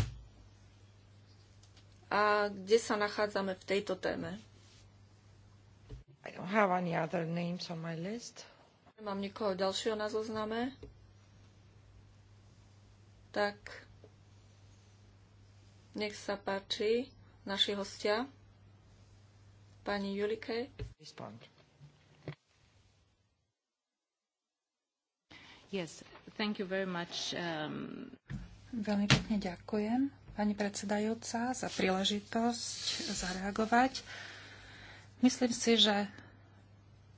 a kde sa nachádzame v tejto téme. I don't have any other names on my list. Nemám nikoho ďalšieho na zozname. Tak nech sa páči, naši hostia. Pani Julike. Yes, thank you very much. Um... Veľmi pekne ďakujem, pani predsedajúca, za príležitosť zareagovať. Myslím si, že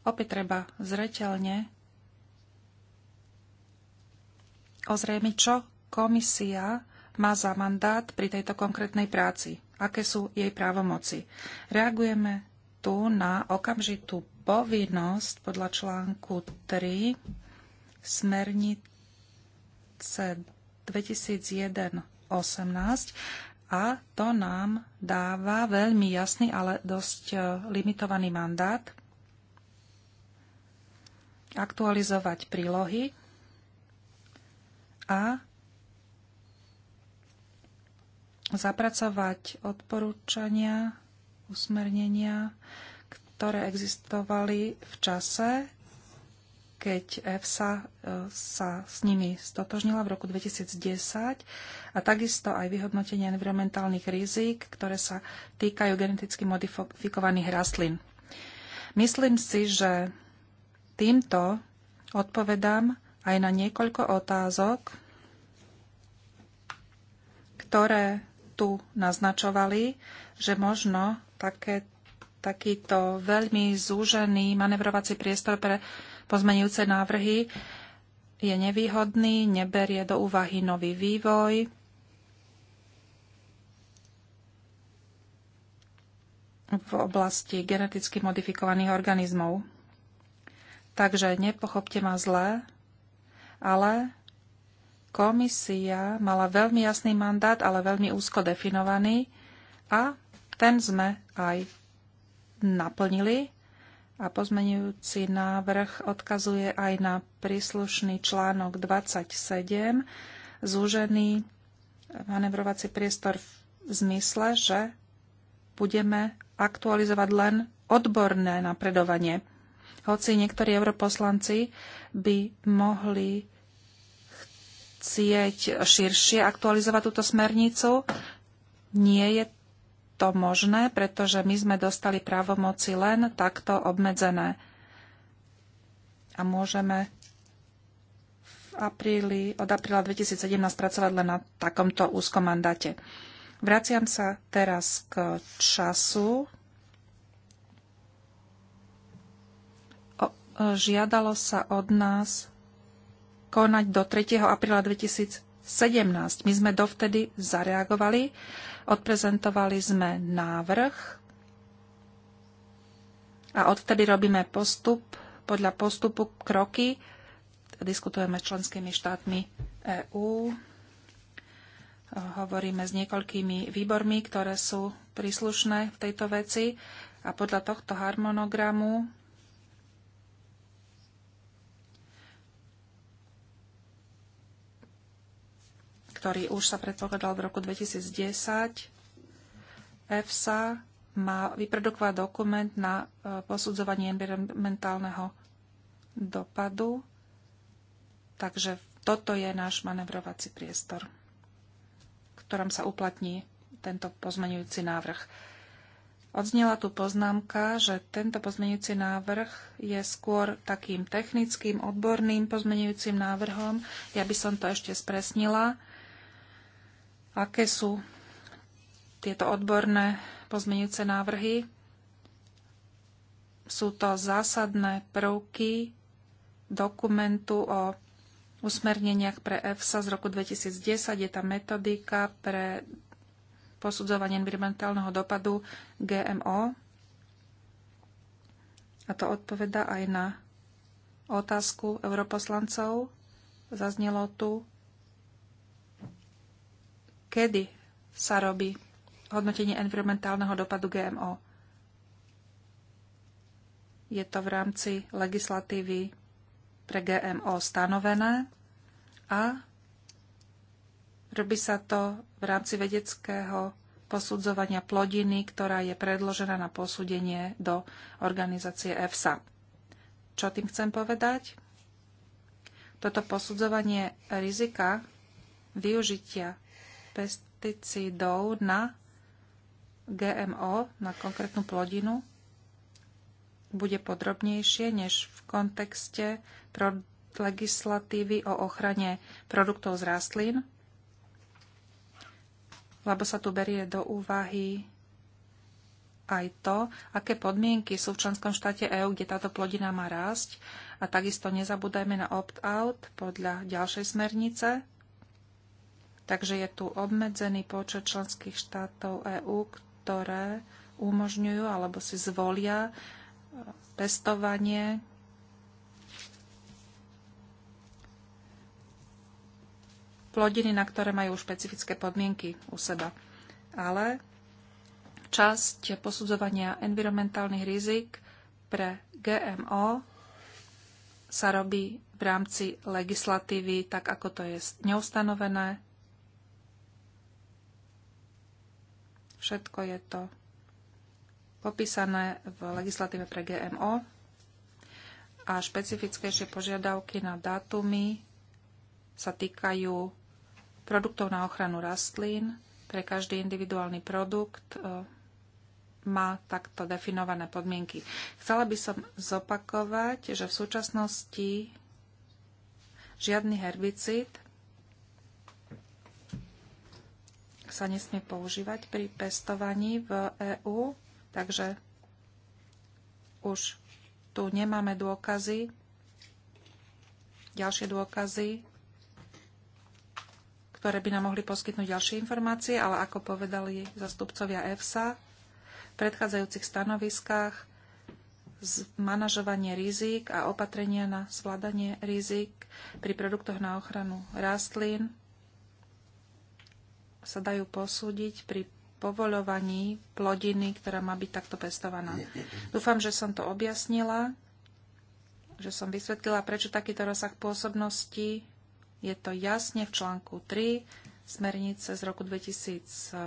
opäť treba zreteľne ozrejmiť, čo komisia má za mandát pri tejto konkrétnej práci, aké sú jej právomoci. Reagujeme tu na okamžitú povinnosť podľa článku 3 smernice 2001 18 a to nám dáva veľmi jasný, ale dosť e, limitovaný mandát aktualizovať prílohy a zapracovať odporúčania usmernenia, ktoré existovali v čase, keď EFSA e, sa s nimi stotožnila v roku 2010 a takisto aj vyhodnotenie environmentálnych rizik, ktoré sa týkajú geneticky modifikovaných rastlín. Myslím si, že týmto odpovedám aj na niekoľko otázok, ktoré tu naznačovali, že možno také, takýto veľmi zúžený manevrovací priestor pre pozmenujúce návrhy je nevýhodný, neberie do úvahy nový vývoj. v oblasti geneticky modifikovaných organizmov. Takže nepochopte ma zle, ale komisia mala veľmi jasný mandát, ale veľmi úzko definovaný a ten sme aj naplnili a pozmenujúci návrh odkazuje aj na príslušný článok 27, zúžený manevrovací priestor v zmysle, že budeme aktualizovať len odborné napredovanie. Hoci niektorí europoslanci by mohli chcieť širšie aktualizovať túto smernicu, nie je to možné, pretože my sme dostali právomoci len takto obmedzené. A môžeme v apríli, od apríla 2017 pracovať len na takomto úzkom mandáte. Vraciam sa teraz k času. O, e, žiadalo sa od nás konať do 3. apríla 2017 17. My sme dovtedy zareagovali, odprezentovali sme návrh a odvtedy robíme postup, podľa postupu kroky, diskutujeme s členskými štátmi EÚ, hovoríme s niekoľkými výbormi, ktoré sú príslušné v tejto veci a podľa tohto harmonogramu ktorý už sa predpokladal v roku 2010. EFSA má vyprodukovať dokument na e, posudzovanie environmentálneho dopadu. Takže toto je náš manevrovací priestor, v ktorom sa uplatní tento pozmenujúci návrh. Odznela tu poznámka, že tento pozmenujúci návrh je skôr takým technickým, odborným pozmenujúcim návrhom. Ja by som to ešte spresnila aké sú tieto odborné pozmeňujúce návrhy. Sú to zásadné prvky dokumentu o usmerneniach pre EFSA z roku 2010. Je tam metodika pre posudzovanie environmentálneho dopadu GMO. A to odpoveda aj na otázku europoslancov. Zaznelo tu, kedy sa robí hodnotenie environmentálneho dopadu GMO. Je to v rámci legislatívy pre GMO stanovené a robí sa to v rámci vedeckého posudzovania plodiny, ktorá je predložená na posúdenie do organizácie EFSA. Čo tým chcem povedať? Toto posudzovanie rizika využitia pesticídov na GMO, na konkrétnu plodinu, bude podrobnejšie než v kontexte pro legislatívy o ochrane produktov z rastlín, lebo sa tu berie do úvahy aj to, aké podmienky sú v členskom štáte EÚ, kde táto plodina má rásť. A takisto nezabúdajme na opt-out podľa ďalšej smernice, Takže je tu obmedzený počet členských štátov EÚ, ktoré umožňujú alebo si zvolia e, testovanie plodiny, na ktoré majú špecifické podmienky u seba. Ale časť posudzovania environmentálnych rizik pre GMO sa robí v rámci legislatívy, tak ako to je neustanovené Všetko je to popísané v legislatíve pre GMO a špecifickejšie požiadavky na dátumy sa týkajú produktov na ochranu rastlín. Pre každý individuálny produkt e, má takto definované podmienky. Chcela by som zopakovať, že v súčasnosti žiadny herbicid sa nesmie používať pri pestovaní v EÚ, takže už tu nemáme dôkazy, ďalšie dôkazy, ktoré by nám mohli poskytnúť ďalšie informácie, ale ako povedali zastupcovia EFSA, v predchádzajúcich stanoviskách manažovanie rizik a opatrenia na zvládanie rizik pri produktoch na ochranu rastlín sa dajú posúdiť pri povoľovaní plodiny, ktorá má byť takto pestovaná. Dúfam, že som to objasnila, že som vysvetlila, prečo takýto rozsah pôsobnosti je to jasne v článku 3 smernice z roku 2001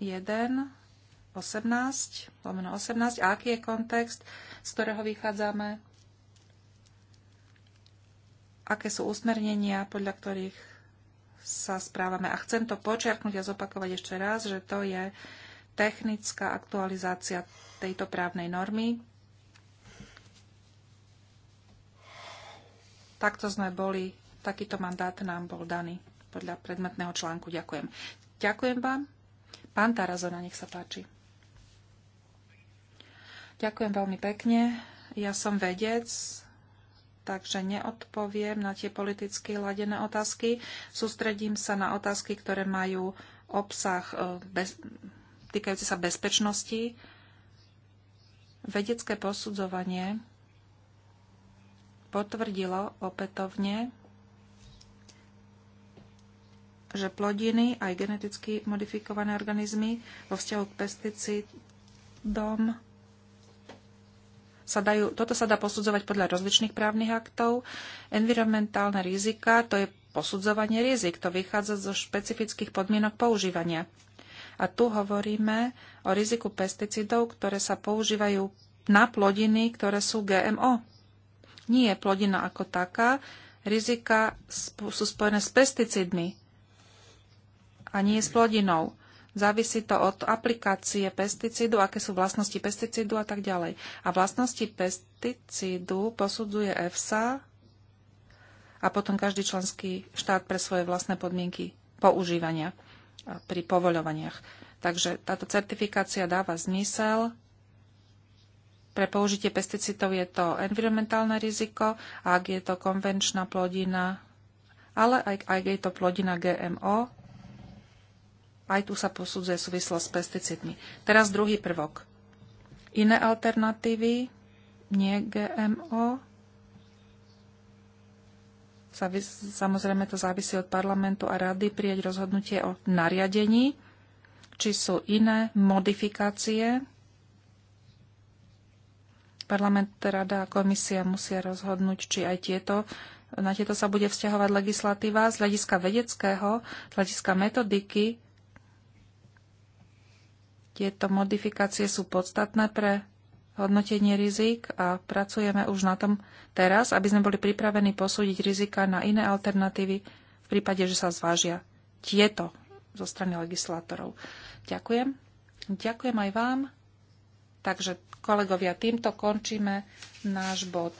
18, 18, a aký je kontext, z ktorého vychádzame, aké sú usmernenia, podľa ktorých sa správame. A chcem to počiarknúť a zopakovať ešte raz, že to je technická aktualizácia tejto právnej normy. Takto sme boli, takýto mandát nám bol daný podľa predmetného článku. Ďakujem. Ďakujem vám. Pán Tarazona, nech sa páči. Ďakujem veľmi pekne. Ja som vedec, takže neodpoviem na tie politicky ladené otázky. Sústredím sa na otázky, ktoré majú obsah e, bez, týkajúci sa bezpečnosti, vedecké posudzovanie potvrdilo opätovne, že plodiny aj geneticky modifikované organizmy vo vzťahu k pesticídom sa dajú, toto sa dá posudzovať podľa rozličných právnych aktov. Environmentálne rizika, to je posudzovanie rizik, to vychádza zo špecifických podmienok používania. A tu hovoríme o riziku pesticidov, ktoré sa používajú na plodiny, ktoré sú GMO. Nie je plodina ako taká, rizika sú spojené s pesticidmi a nie s plodinou. Závisí to od aplikácie pesticídu, aké sú vlastnosti pesticídu a tak ďalej. A vlastnosti pesticídu posudzuje EFSA a potom každý členský štát pre svoje vlastné podmienky používania pri povoľovaniach. Takže táto certifikácia dáva zmysel. Pre použitie pesticídov je to environmentálne riziko, ak je to konvenčná plodina, ale aj ak je to plodina GMO, aj tu sa posudzuje súvislosť s pesticidmi. Teraz druhý prvok. Iné alternatívy, nie GMO, samozrejme to závisí od parlamentu a rady prijať rozhodnutie o nariadení, či sú iné modifikácie. Parlament, rada a komisia musia rozhodnúť, či aj tieto na tieto sa bude vzťahovať legislatíva z hľadiska vedeckého, z hľadiska metodiky, tieto modifikácie sú podstatné pre hodnotenie rizik a pracujeme už na tom teraz, aby sme boli pripravení posúdiť rizika na iné alternatívy v prípade, že sa zvážia tieto zo strany legislátorov. Ďakujem. Ďakujem aj vám. Takže, kolegovia, týmto končíme náš bod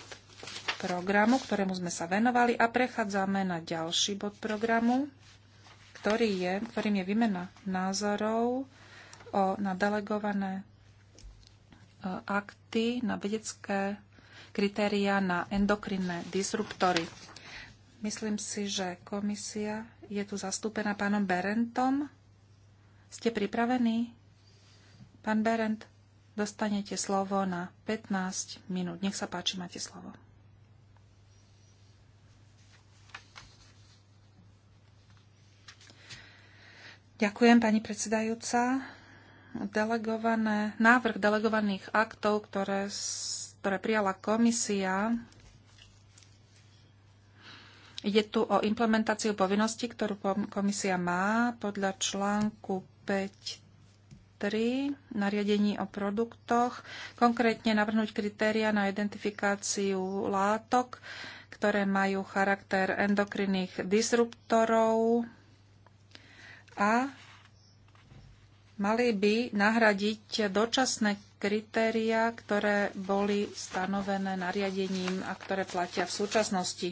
programu, ktorému sme sa venovali a prechádzame na ďalší bod programu, ktorý je, ktorým je výmena názorov o, na delegované e, akty, na vedecké kritéria, na endokrinné disruptory. Myslím si, že komisia je tu zastúpená pánom Berentom. Ste pripravení? Pán Berent, dostanete slovo na 15 minút. Nech sa páči, máte slovo. Ďakujem, pani predsedajúca delegované, návrh delegovaných aktov, ktoré, ktoré prijala komisia. Ide tu o implementáciu povinnosti, ktorú komisia má podľa článku 5.3 nariadení o produktoch, konkrétne navrhnúť kritéria na identifikáciu látok, ktoré majú charakter endokrinných disruptorov a mali by nahradiť dočasné kritériá, ktoré boli stanovené nariadením a ktoré platia v súčasnosti.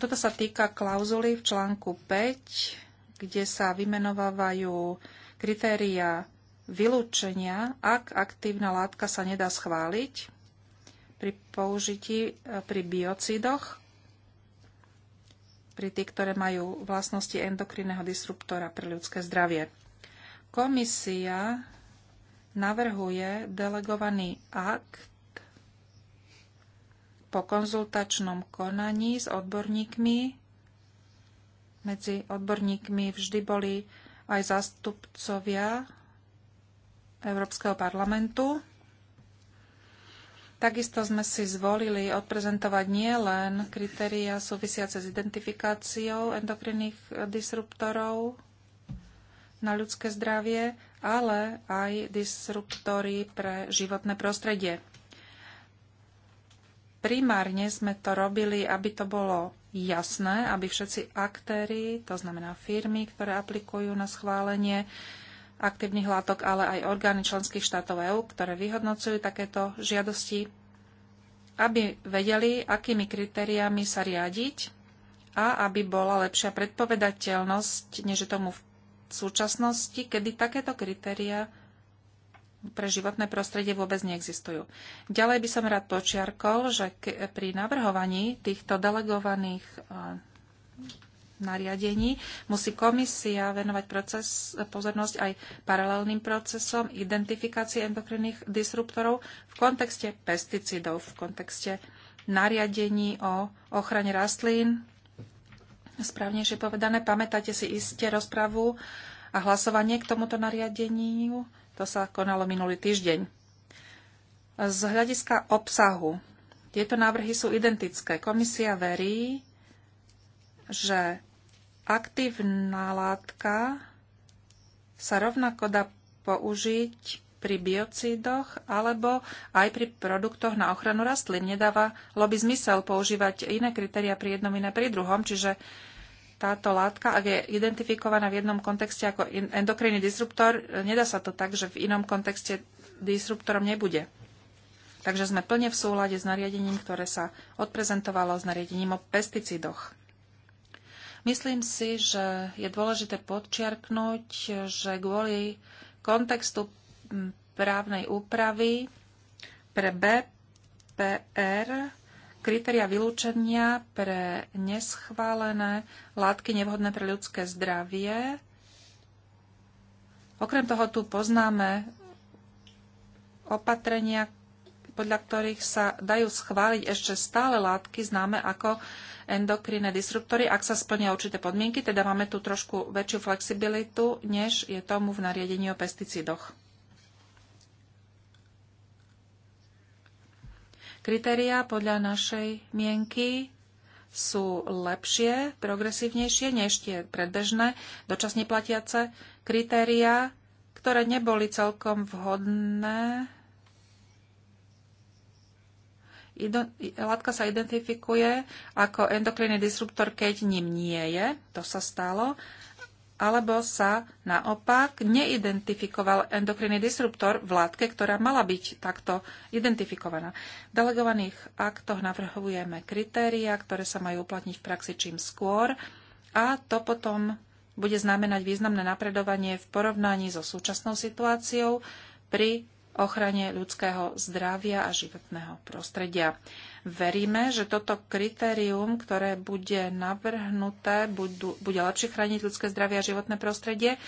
Toto sa týka klauzuly v článku 5, kde sa vymenovávajú kritériá vylúčenia, ak aktívna látka sa nedá schváliť pri použití pri biocidoch pri tých, ktoré majú vlastnosti endokrinného disruptora pre ľudské zdravie. Komisia navrhuje delegovaný akt po konzultačnom konaní s odborníkmi. Medzi odborníkmi vždy boli aj zástupcovia Európskeho parlamentu. Takisto sme si zvolili odprezentovať nielen kritéria súvisiace s identifikáciou endokrinných disruptorov na ľudské zdravie, ale aj disruptory pre životné prostredie. Primárne sme to robili, aby to bolo jasné, aby všetci aktéry, to znamená firmy, ktoré aplikujú na schválenie aktívnych látok, ale aj orgány členských štátov EÚ, ktoré vyhodnocujú takéto žiadosti, aby vedeli, akými kritériami sa riadiť a aby bola lepšia predpovedateľnosť, než je tomu v súčasnosti, kedy takéto kritéria pre životné prostredie vôbec neexistujú. Ďalej by som rád počiarkol, že pri navrhovaní týchto delegovaných nariadení, musí komisia venovať proces, pozornosť aj paralelným procesom identifikácie endokrinných disruptorov v kontexte pesticídov, v kontexte nariadení o ochrane rastlín. Správnejšie povedané, pamätáte si iste rozpravu a hlasovanie k tomuto nariadeniu? To sa konalo minulý týždeň. Z hľadiska obsahu tieto návrhy sú identické. Komisia verí, že aktívna látka sa rovnako dá použiť pri biocídoch alebo aj pri produktoch na ochranu rastlín. Nedáva by zmysel používať iné kritéria pri jednom, iné pri druhom, čiže táto látka, ak je identifikovaná v jednom kontexte ako endokrinný disruptor, nedá sa to tak, že v inom kontexte disruptorom nebude. Takže sme plne v súlade s nariadením, ktoré sa odprezentovalo s nariadením o pesticídoch. Myslím si, že je dôležité podčiarknúť, že kvôli kontextu právnej úpravy pre BPR kritéria vylúčenia pre neschválené látky nevhodné pre ľudské zdravie. Okrem toho tu poznáme opatrenia, podľa ktorých sa dajú schváliť ešte stále látky známe ako endokrinné disruptory, ak sa splnia určité podmienky, teda máme tu trošku väčšiu flexibilitu, než je tomu v nariadení o pesticidoch. Kritéria podľa našej mienky sú lepšie, progresívnejšie než tie predbežné, dočasne platiace kritéria, ktoré neboli celkom vhodné látka sa identifikuje ako endokrinný disruptor, keď ním nie je, to sa stalo, alebo sa naopak neidentifikoval endokrinný disruptor v látke, ktorá mala byť takto identifikovaná. V delegovaných aktoch navrhujeme kritéria, ktoré sa majú uplatniť v praxi čím skôr a to potom bude znamenať významné napredovanie v porovnaní so súčasnou situáciou pri ochrane ľudského zdravia a životného prostredia. Veríme, že toto kritérium, ktoré bude navrhnuté, bude lepšie chrániť ľudské zdravie a životné prostredie.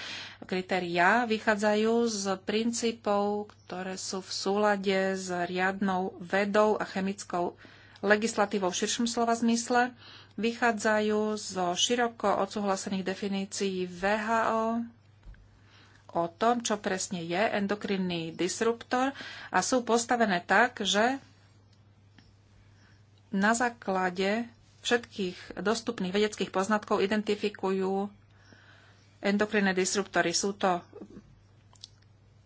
Kritériá vychádzajú z princípov, ktoré sú v súlade s riadnou vedou a chemickou legislatívou v širšom slova zmysle. Vychádzajú zo široko odsúhlasených definícií VHO, o tom, čo presne je endokrinný disruptor a sú postavené tak, že na základe všetkých dostupných vedeckých poznatkov identifikujú endokrinné disruptory. Sú to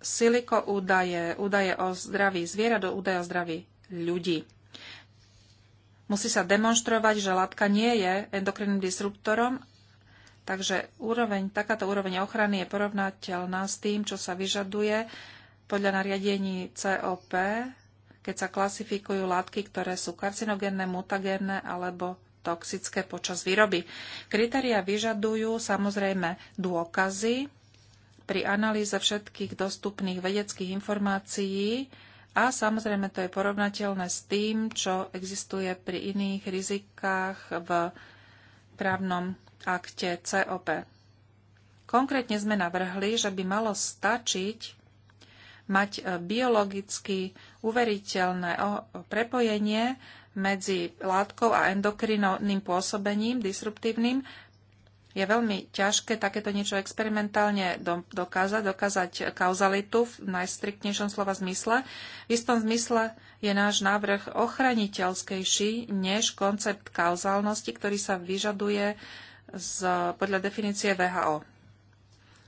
siliko údaje, údaje o zdraví zvierat, údaje o zdraví ľudí. Musí sa demonstrovať, že látka nie je endokrinným disruptorom Takže úroveň, takáto úroveň ochrany je porovnateľná s tým, čo sa vyžaduje podľa nariadení COP, keď sa klasifikujú látky, ktoré sú karcinogénne, mutagénne alebo toxické počas výroby. Kritéria vyžadujú samozrejme dôkazy pri analýze všetkých dostupných vedeckých informácií a samozrejme to je porovnateľné s tým, čo existuje pri iných rizikách v právnom akte COP. Konkrétne sme navrhli, že by malo stačiť mať e, biologicky uveriteľné prepojenie medzi látkou a endokrinným pôsobením, disruptívnym, je veľmi ťažké takéto niečo experimentálne do, dokázať, dokázať kauzalitu v najstriktnejšom slova zmysle. V istom zmysle je náš návrh ochraniteľskejší než koncept kauzálnosti, ktorý sa vyžaduje z, podľa definície VHO.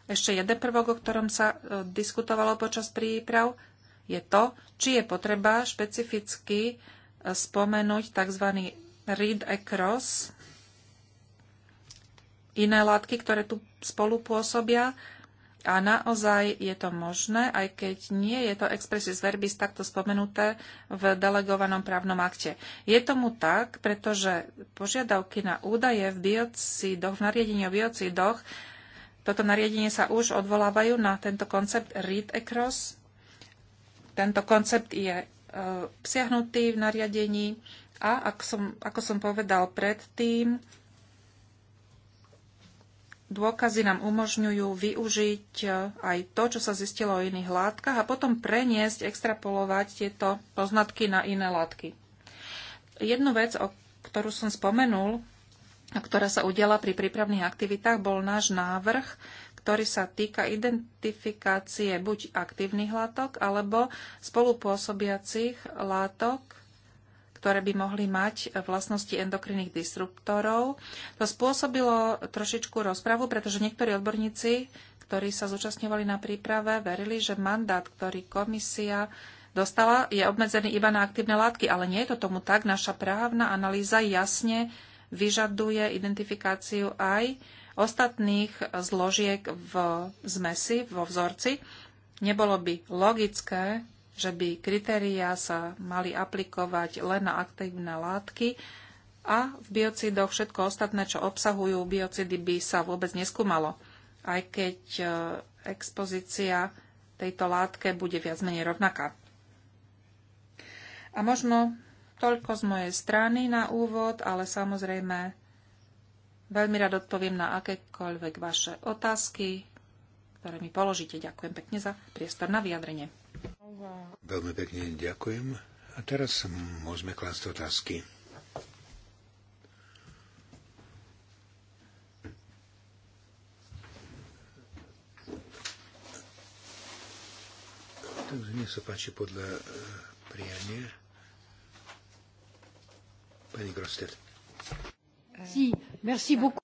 Ešte jeden prvok, o ktorom sa e, diskutovalo počas príprav, je to, či je potreba špecificky e, spomenúť tzv. read across iné látky, ktoré tu spolu pôsobia. A naozaj je to možné, aj keď nie je to expresis verbis takto spomenuté v delegovanom právnom akte. Je tomu tak, pretože požiadavky na údaje v biocidoch, v nariadení o biocidoch, toto nariadenie sa už odvolávajú na tento koncept read across. Tento koncept je e, obsiahnutý v nariadení a ak som, ako som povedal predtým, dôkazy nám umožňujú využiť e, aj to, čo sa zistilo o iných látkach a potom preniesť, extrapolovať tieto poznatky na iné látky. Jednu vec, o ktorú som spomenul, a ktorá sa udiala pri prípravných aktivitách, bol náš návrh, ktorý sa týka identifikácie buď aktívnych látok alebo spolupôsobiacich látok ktoré by mohli mať vlastnosti endokrinných disruptorov. To spôsobilo trošičku rozpravu, pretože niektorí odborníci, ktorí sa zúčastňovali na príprave, verili, že mandát, ktorý komisia dostala, je obmedzený iba na aktívne látky, ale nie je to tomu tak. Naša právna analýza jasne vyžaduje identifikáciu aj ostatných zložiek v zmesi, vo vzorci. Nebolo by logické že by kritériá sa mali aplikovať len na aktívne látky a v biocidoch všetko ostatné, čo obsahujú biocidy, by sa vôbec neskúmalo. Aj keď e, expozícia tejto látke bude viac menej rovnaká. A možno toľko z mojej strany na úvod, ale samozrejme veľmi rád odpoviem na akékoľvek vaše otázky, ktoré mi položíte. Ďakujem pekne za priestor na vyjadrenie. Veľmi pekne ďakujem. A teraz môžeme klásť otázky. Takže nech sa páči podľa e, priania. Pani Grostet.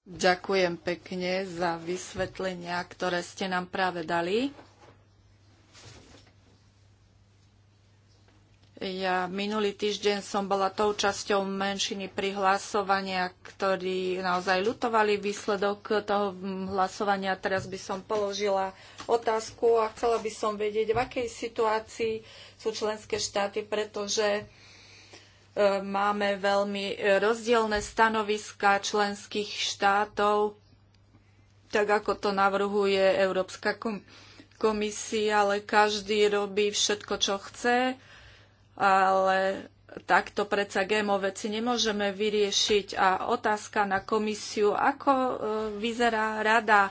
Ďakujem pekne za vysvetlenia, ktoré ste nám práve dali. Ja minulý týždeň som bola tou časťou menšiny pri hlasovania, ktorí naozaj lutovali výsledok toho hlasovania. Teraz by som položila otázku a chcela by som vedieť, v akej situácii sú členské štáty, pretože e, máme veľmi rozdielne stanoviska členských štátov, tak ako to navrhuje Európska komisia, ale každý robí všetko, čo chce ale takto predsa GMO veci nemôžeme vyriešiť. A otázka na komisiu, ako e, vyzerá rada,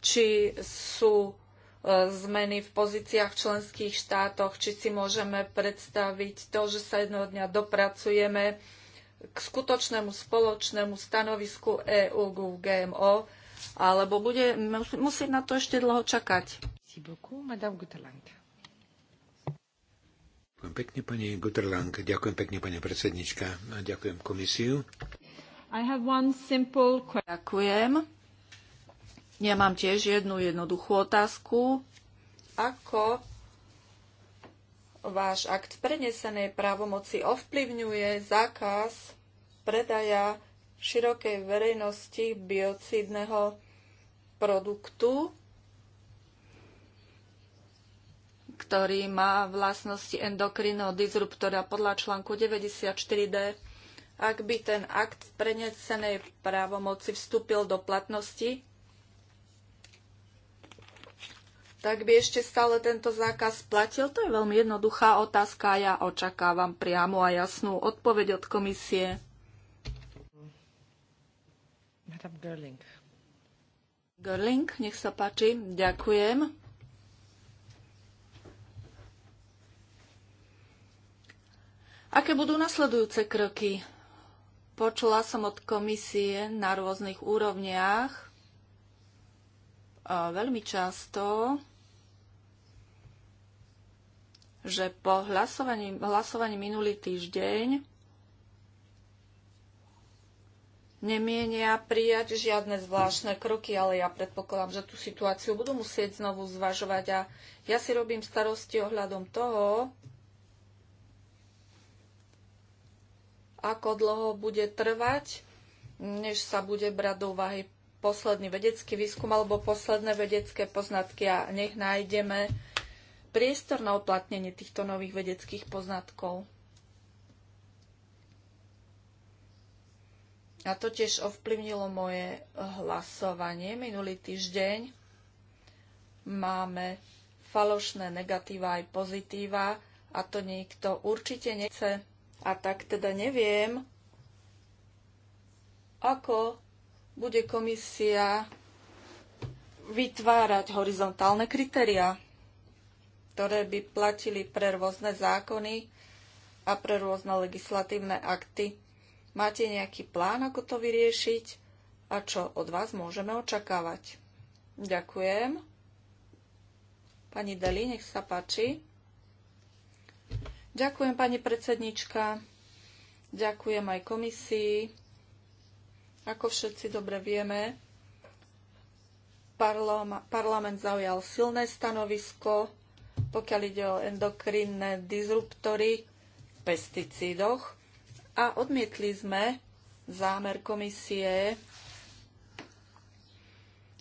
či sú e, zmeny v pozíciách v členských štátoch, či si môžeme predstaviť to, že sa jednoho dňa dopracujeme k skutočnému spoločnému stanovisku EU k GMO, alebo bude musieť na to ešte dlho čakať. Merci beaucoup, Madame Guteland. Ďakujem pekne, pani Guterlang. Ďakujem pekne, pani predsednička. A ďakujem komisiu. I have one simple Ďakujem. Ja mám tiež jednu jednoduchú otázku. Ako váš akt prenesenej právomoci ovplyvňuje zákaz predaja širokej verejnosti biocídneho produktu ktorý má vlastnosti endokrinného disruptora podľa článku 94d. Ak by ten akt prenesenej právomoci vstúpil do platnosti, tak by ešte stále tento zákaz platil? To je veľmi jednoduchá otázka a ja očakávam priamu a jasnú odpoveď od komisie. Madame Görling. Görling, nech sa páči. Ďakujem. Aké budú nasledujúce kroky? Počula som od komisie na rôznych úrovniach veľmi často, že po hlasovaní, hlasovaní minulý týždeň nemienia prijať žiadne zvláštne kroky, ale ja predpokladám, že tú situáciu budú musieť znovu zvažovať a ja si robím starosti ohľadom toho, ako dlho bude trvať, než sa bude brať do úvahy posledný vedecký výskum alebo posledné vedecké poznatky a nech nájdeme priestor na uplatnenie týchto nových vedeckých poznatkov. A to tiež ovplyvnilo moje hlasovanie. Minulý týždeň máme falošné negatíva aj pozitíva a to niekto určite nechce. A tak teda neviem, ako bude komisia vytvárať horizontálne kritéria, ktoré by platili pre rôzne zákony a pre rôzne legislatívne akty. Máte nejaký plán, ako to vyriešiť a čo od vás môžeme očakávať? Ďakujem. Pani Deli, nech sa páči. Ďakujem, pani predsednička. Ďakujem aj komisii. Ako všetci dobre vieme, parlament zaujal silné stanovisko, pokiaľ ide o endokrinné disruptory v pesticídoch a odmietli sme zámer komisie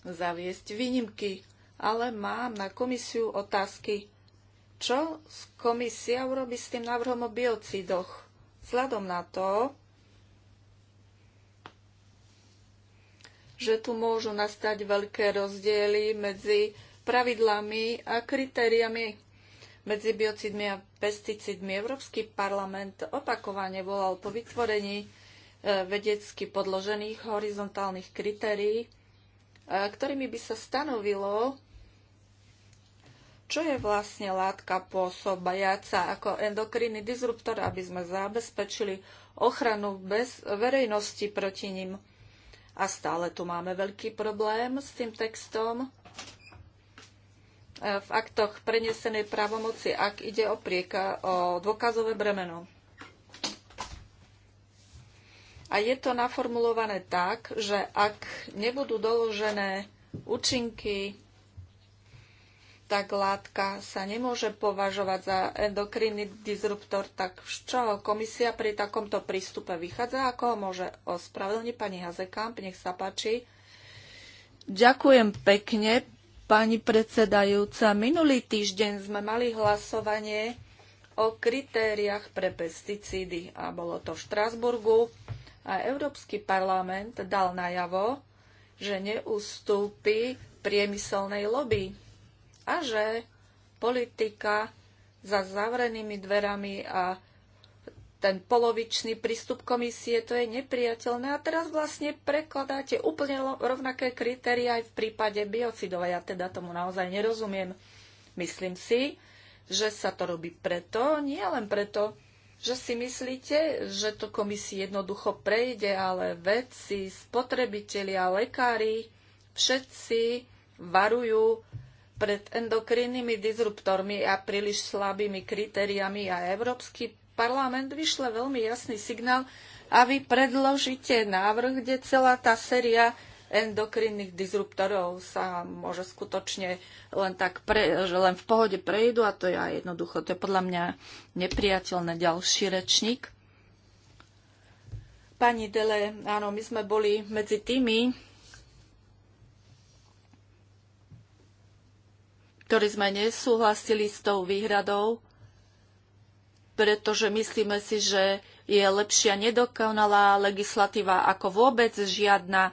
zaviesť výnimky. Ale mám na komisiu otázky. Čo komisia urobí s tým návrhom o biocidoch? Vzhľadom na to, že tu môžu nastať veľké rozdiely medzi pravidlami a kritériami medzi biocidmi a pesticidmi, Európsky parlament opakovane volal po vytvorení e, vedecky podložených horizontálnych kritérií, e, ktorými by sa stanovilo, čo je vlastne látka pôsobajaca ako endokrinný disruptor, aby sme zabezpečili ochranu bez verejnosti proti nim. A stále tu máme veľký problém s tým textom e, v aktoch prenesenej právomoci, ak ide o, prieka, o dôkazové bremeno. A je to naformulované tak, že ak nebudú doložené účinky tak látka sa nemôže považovať za endokrinný disruptor, tak z čoho komisia pri takomto prístupe vychádza? Ako ho môže ospravedlniť pani Hazekamp? Nech sa páči. Ďakujem pekne, pani predsedajúca. Minulý týždeň sme mali hlasovanie o kritériách pre pesticídy a bolo to v Štrásburgu a Európsky parlament dal najavo, že neustúpi priemyselnej lobby a že politika za zavrenými dverami a ten polovičný prístup komisie, to je nepriateľné. A teraz vlastne prekladáte úplne rovnaké kritéria aj v prípade biocidov. Ja teda tomu naozaj nerozumiem. Myslím si, že sa to robí preto, nie len preto, že si myslíte, že to komisie jednoducho prejde, ale vedci, spotrebitelia, lekári, všetci varujú pred endokrinnými disruptormi a príliš slabými kritériami a Európsky parlament vyšle veľmi jasný signál a vy predložíte návrh, kde celá tá séria endokrinných disruptorov sa môže skutočne len tak pre, že len v pohode prejdu a to je aj jednoducho, to je podľa mňa nepriateľné ďalší rečník. Pani Dele, áno, my sme boli medzi tými, ktorí sme nesúhlasili s tou výhradou, pretože myslíme si, že je lepšia nedokonalá legislatíva ako vôbec žiadna.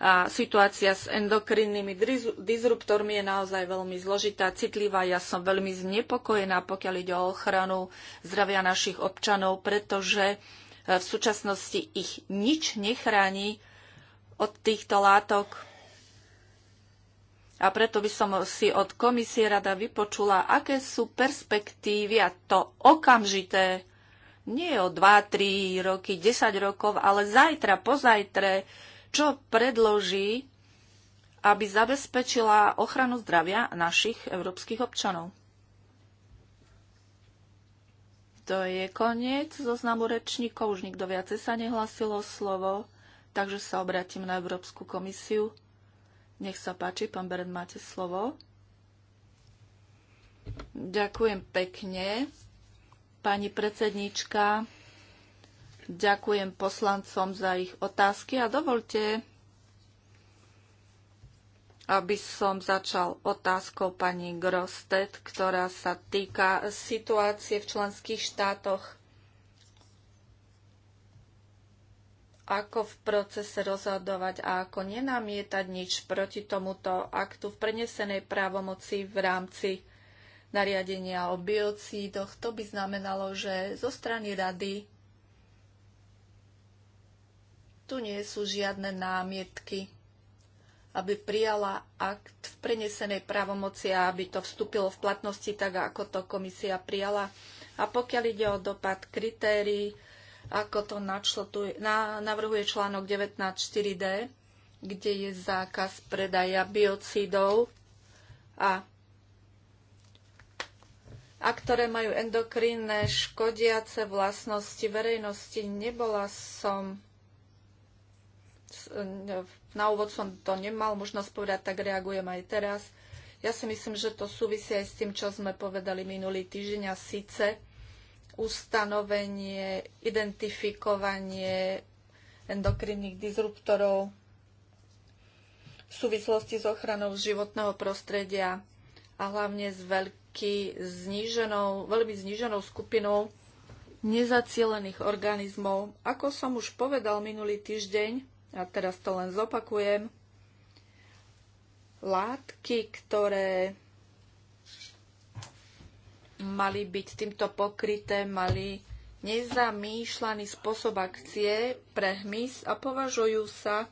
A situácia s endokrinnými disruptormi je naozaj veľmi zložitá, citlivá. Ja som veľmi znepokojená, pokiaľ ide o ochranu zdravia našich občanov, pretože e, v súčasnosti ich nič nechráni od týchto látok. A preto by som si od komisie rada vypočula, aké sú perspektívy a to okamžité, nie o 2, 3 roky, 10 rokov, ale zajtra, pozajtre, čo predloží, aby zabezpečila ochranu zdravia našich európskych občanov. To je koniec zoznamu rečníkov, už nikto viacej sa nehlasilo slovo, takže sa obratím na Európsku komisiu. Nech sa páči, pán Beren, máte slovo. Ďakujem pekne. Pani predsednička. ďakujem poslancom za ich otázky a dovolte, aby som začal otázkou pani Grostet, ktorá sa týka situácie v členských štátoch ako v procese rozhodovať a ako nenamietať nič proti tomuto aktu v prenesenej právomoci v rámci nariadenia o biocídoch. To by znamenalo, že zo strany rady tu nie sú žiadne námietky, aby prijala akt v prenesenej právomoci a aby to vstúpilo v platnosti tak, ako to komisia prijala. A pokiaľ ide o dopad kritérií, ako to je, na, navrhuje článok 19.4d, kde je zákaz predaja biocidov a, a ktoré majú endokrinné škodiace vlastnosti verejnosti. Nebola som na úvod som to nemal možnosť povedať, tak reagujem aj teraz. Ja si myslím, že to súvisí aj s tým, čo sme povedali minulý týždeň a síce, ustanovenie, identifikovanie endokrinných disruptorov v súvislosti s ochranou životného prostredia a hlavne s veľký zniženou, veľmi zníženou skupinou nezacielených organizmov. Ako som už povedal minulý týždeň, a teraz to len zopakujem, látky, ktoré mali byť týmto pokryté, mali nezamýšľaný spôsob akcie pre hmyz a považujú sa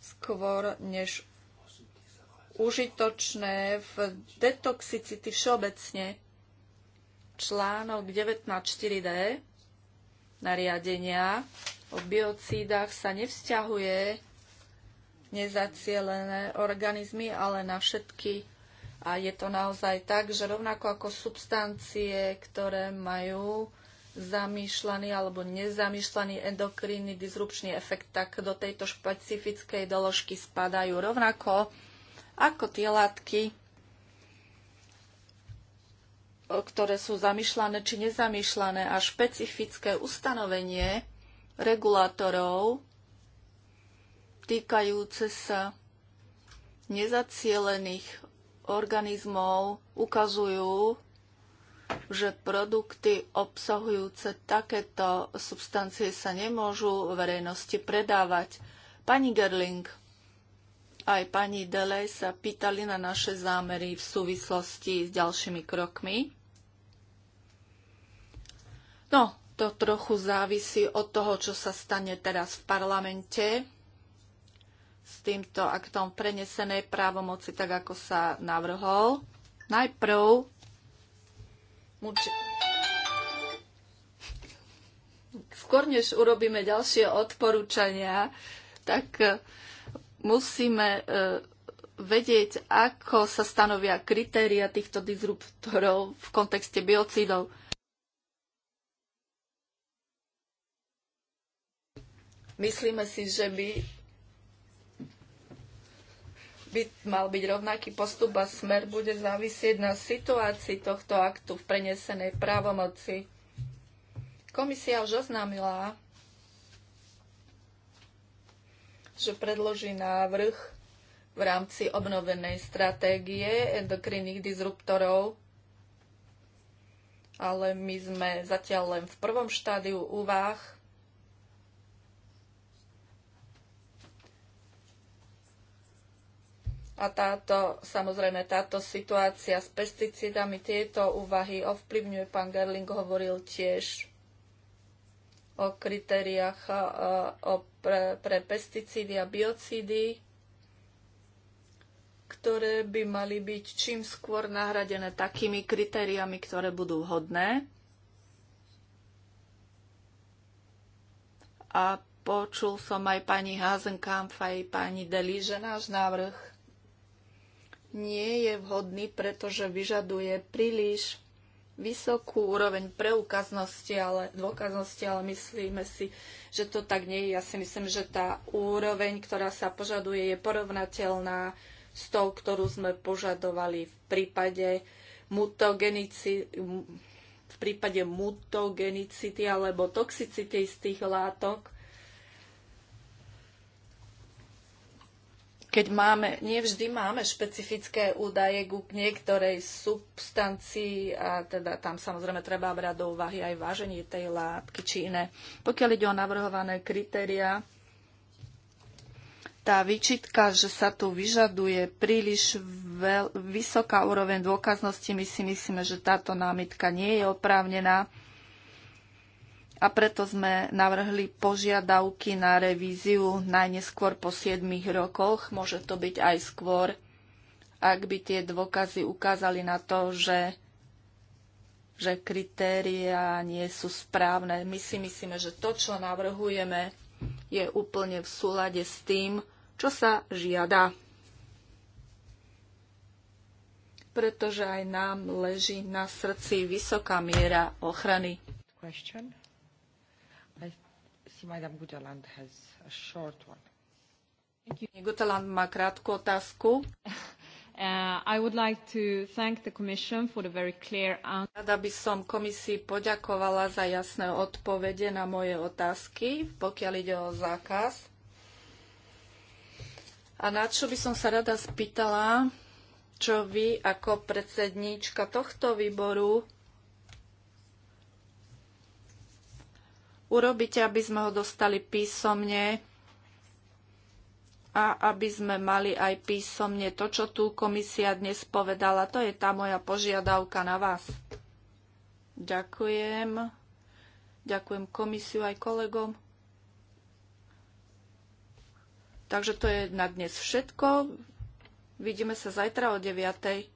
skôr než užitočné v detoxicity všeobecne. Článok 19.4d nariadenia o biocídach sa nevzťahuje nezacielené organizmy, ale na všetky a je to naozaj tak, že rovnako ako substancie, ktoré majú zamýšľaný alebo nezamýšľaný endokrinný disrupčný efekt, tak do tejto špecifickej doložky spadajú rovnako ako tie látky, ktoré sú zamýšľané či nezamýšľané a špecifické ustanovenie regulátorov týkajúce sa nezacielených organizmov ukazujú, že produkty obsahujúce takéto substancie sa nemôžu verejnosti predávať. Pani Gerling aj pani Delej sa pýtali na naše zámery v súvislosti s ďalšími krokmi. No, to trochu závisí od toho, čo sa stane teraz v parlamente týmto aktom prenesenej právomoci, tak ako sa navrhol. Najprv Skôr než urobíme ďalšie odporúčania, tak e, musíme e, vedieť, ako sa stanovia kritéria týchto disruptorov v kontexte biocidov. Myslíme si, že by by mal byť rovnaký postup a smer bude závisieť na situácii tohto aktu v prenesenej právomoci. Komisia už oznámila, že predloží návrh v rámci obnovenej stratégie endokrinných disruptorov, ale my sme zatiaľ len v prvom štádiu úvah A táto, samozrejme, táto situácia s pesticídami, tieto úvahy ovplyvňuje. Pán Gerling hovoril tiež o kritériách e, o pre, pre pesticídy a biocídy, ktoré by mali byť čím skôr nahradené takými kritériami, ktoré budú hodné. A počul som aj pani Hazenkamp, aj pani Deli, že náš návrh nie je vhodný, pretože vyžaduje príliš vysokú úroveň preukaznosti, ale dôkaznosti, ale myslíme si, že to tak nie je. Ja si myslím, že tá úroveň, ktorá sa požaduje, je porovnateľná s tou, ktorú sme požadovali v prípade mutogenici, v prípade mutogenicity alebo toxicity istých látok. keď máme, nevždy máme špecifické údaje ku niektorej substancii a teda tam samozrejme treba brať do úvahy aj váženie tej látky či iné. Pokiaľ ide o navrhované kritéria, tá výčitka, že sa tu vyžaduje príliš veľ, vysoká úroveň dôkaznosti, my si myslíme, že táto námitka nie je oprávnená a preto sme navrhli požiadavky na revíziu najneskôr po 7 rokoch, môže to byť aj skôr, ak by tie dôkazy ukázali na to, že, že kritéria nie sú správne. My si myslíme, že to, čo navrhujeme, je úplne v súlade s tým, čo sa žiada. Pretože aj nám leží na srdci vysoká miera ochrany. Question has a short one. Thank you. má krátku otázku. Uh, I would like to thank the Commission for the very clear answer. Rada by som komisii poďakovala za jasné odpovede na moje otázky, pokiaľ ide o zákaz. A na čo by som sa rada spýtala, čo vy ako predsedníčka tohto výboru urobíte, aby sme ho dostali písomne a aby sme mali aj písomne to, čo tu komisia dnes povedala. To je tá moja požiadavka na vás. Ďakujem. Ďakujem komisiu aj kolegom. Takže to je na dnes všetko. Vidíme sa zajtra o 9.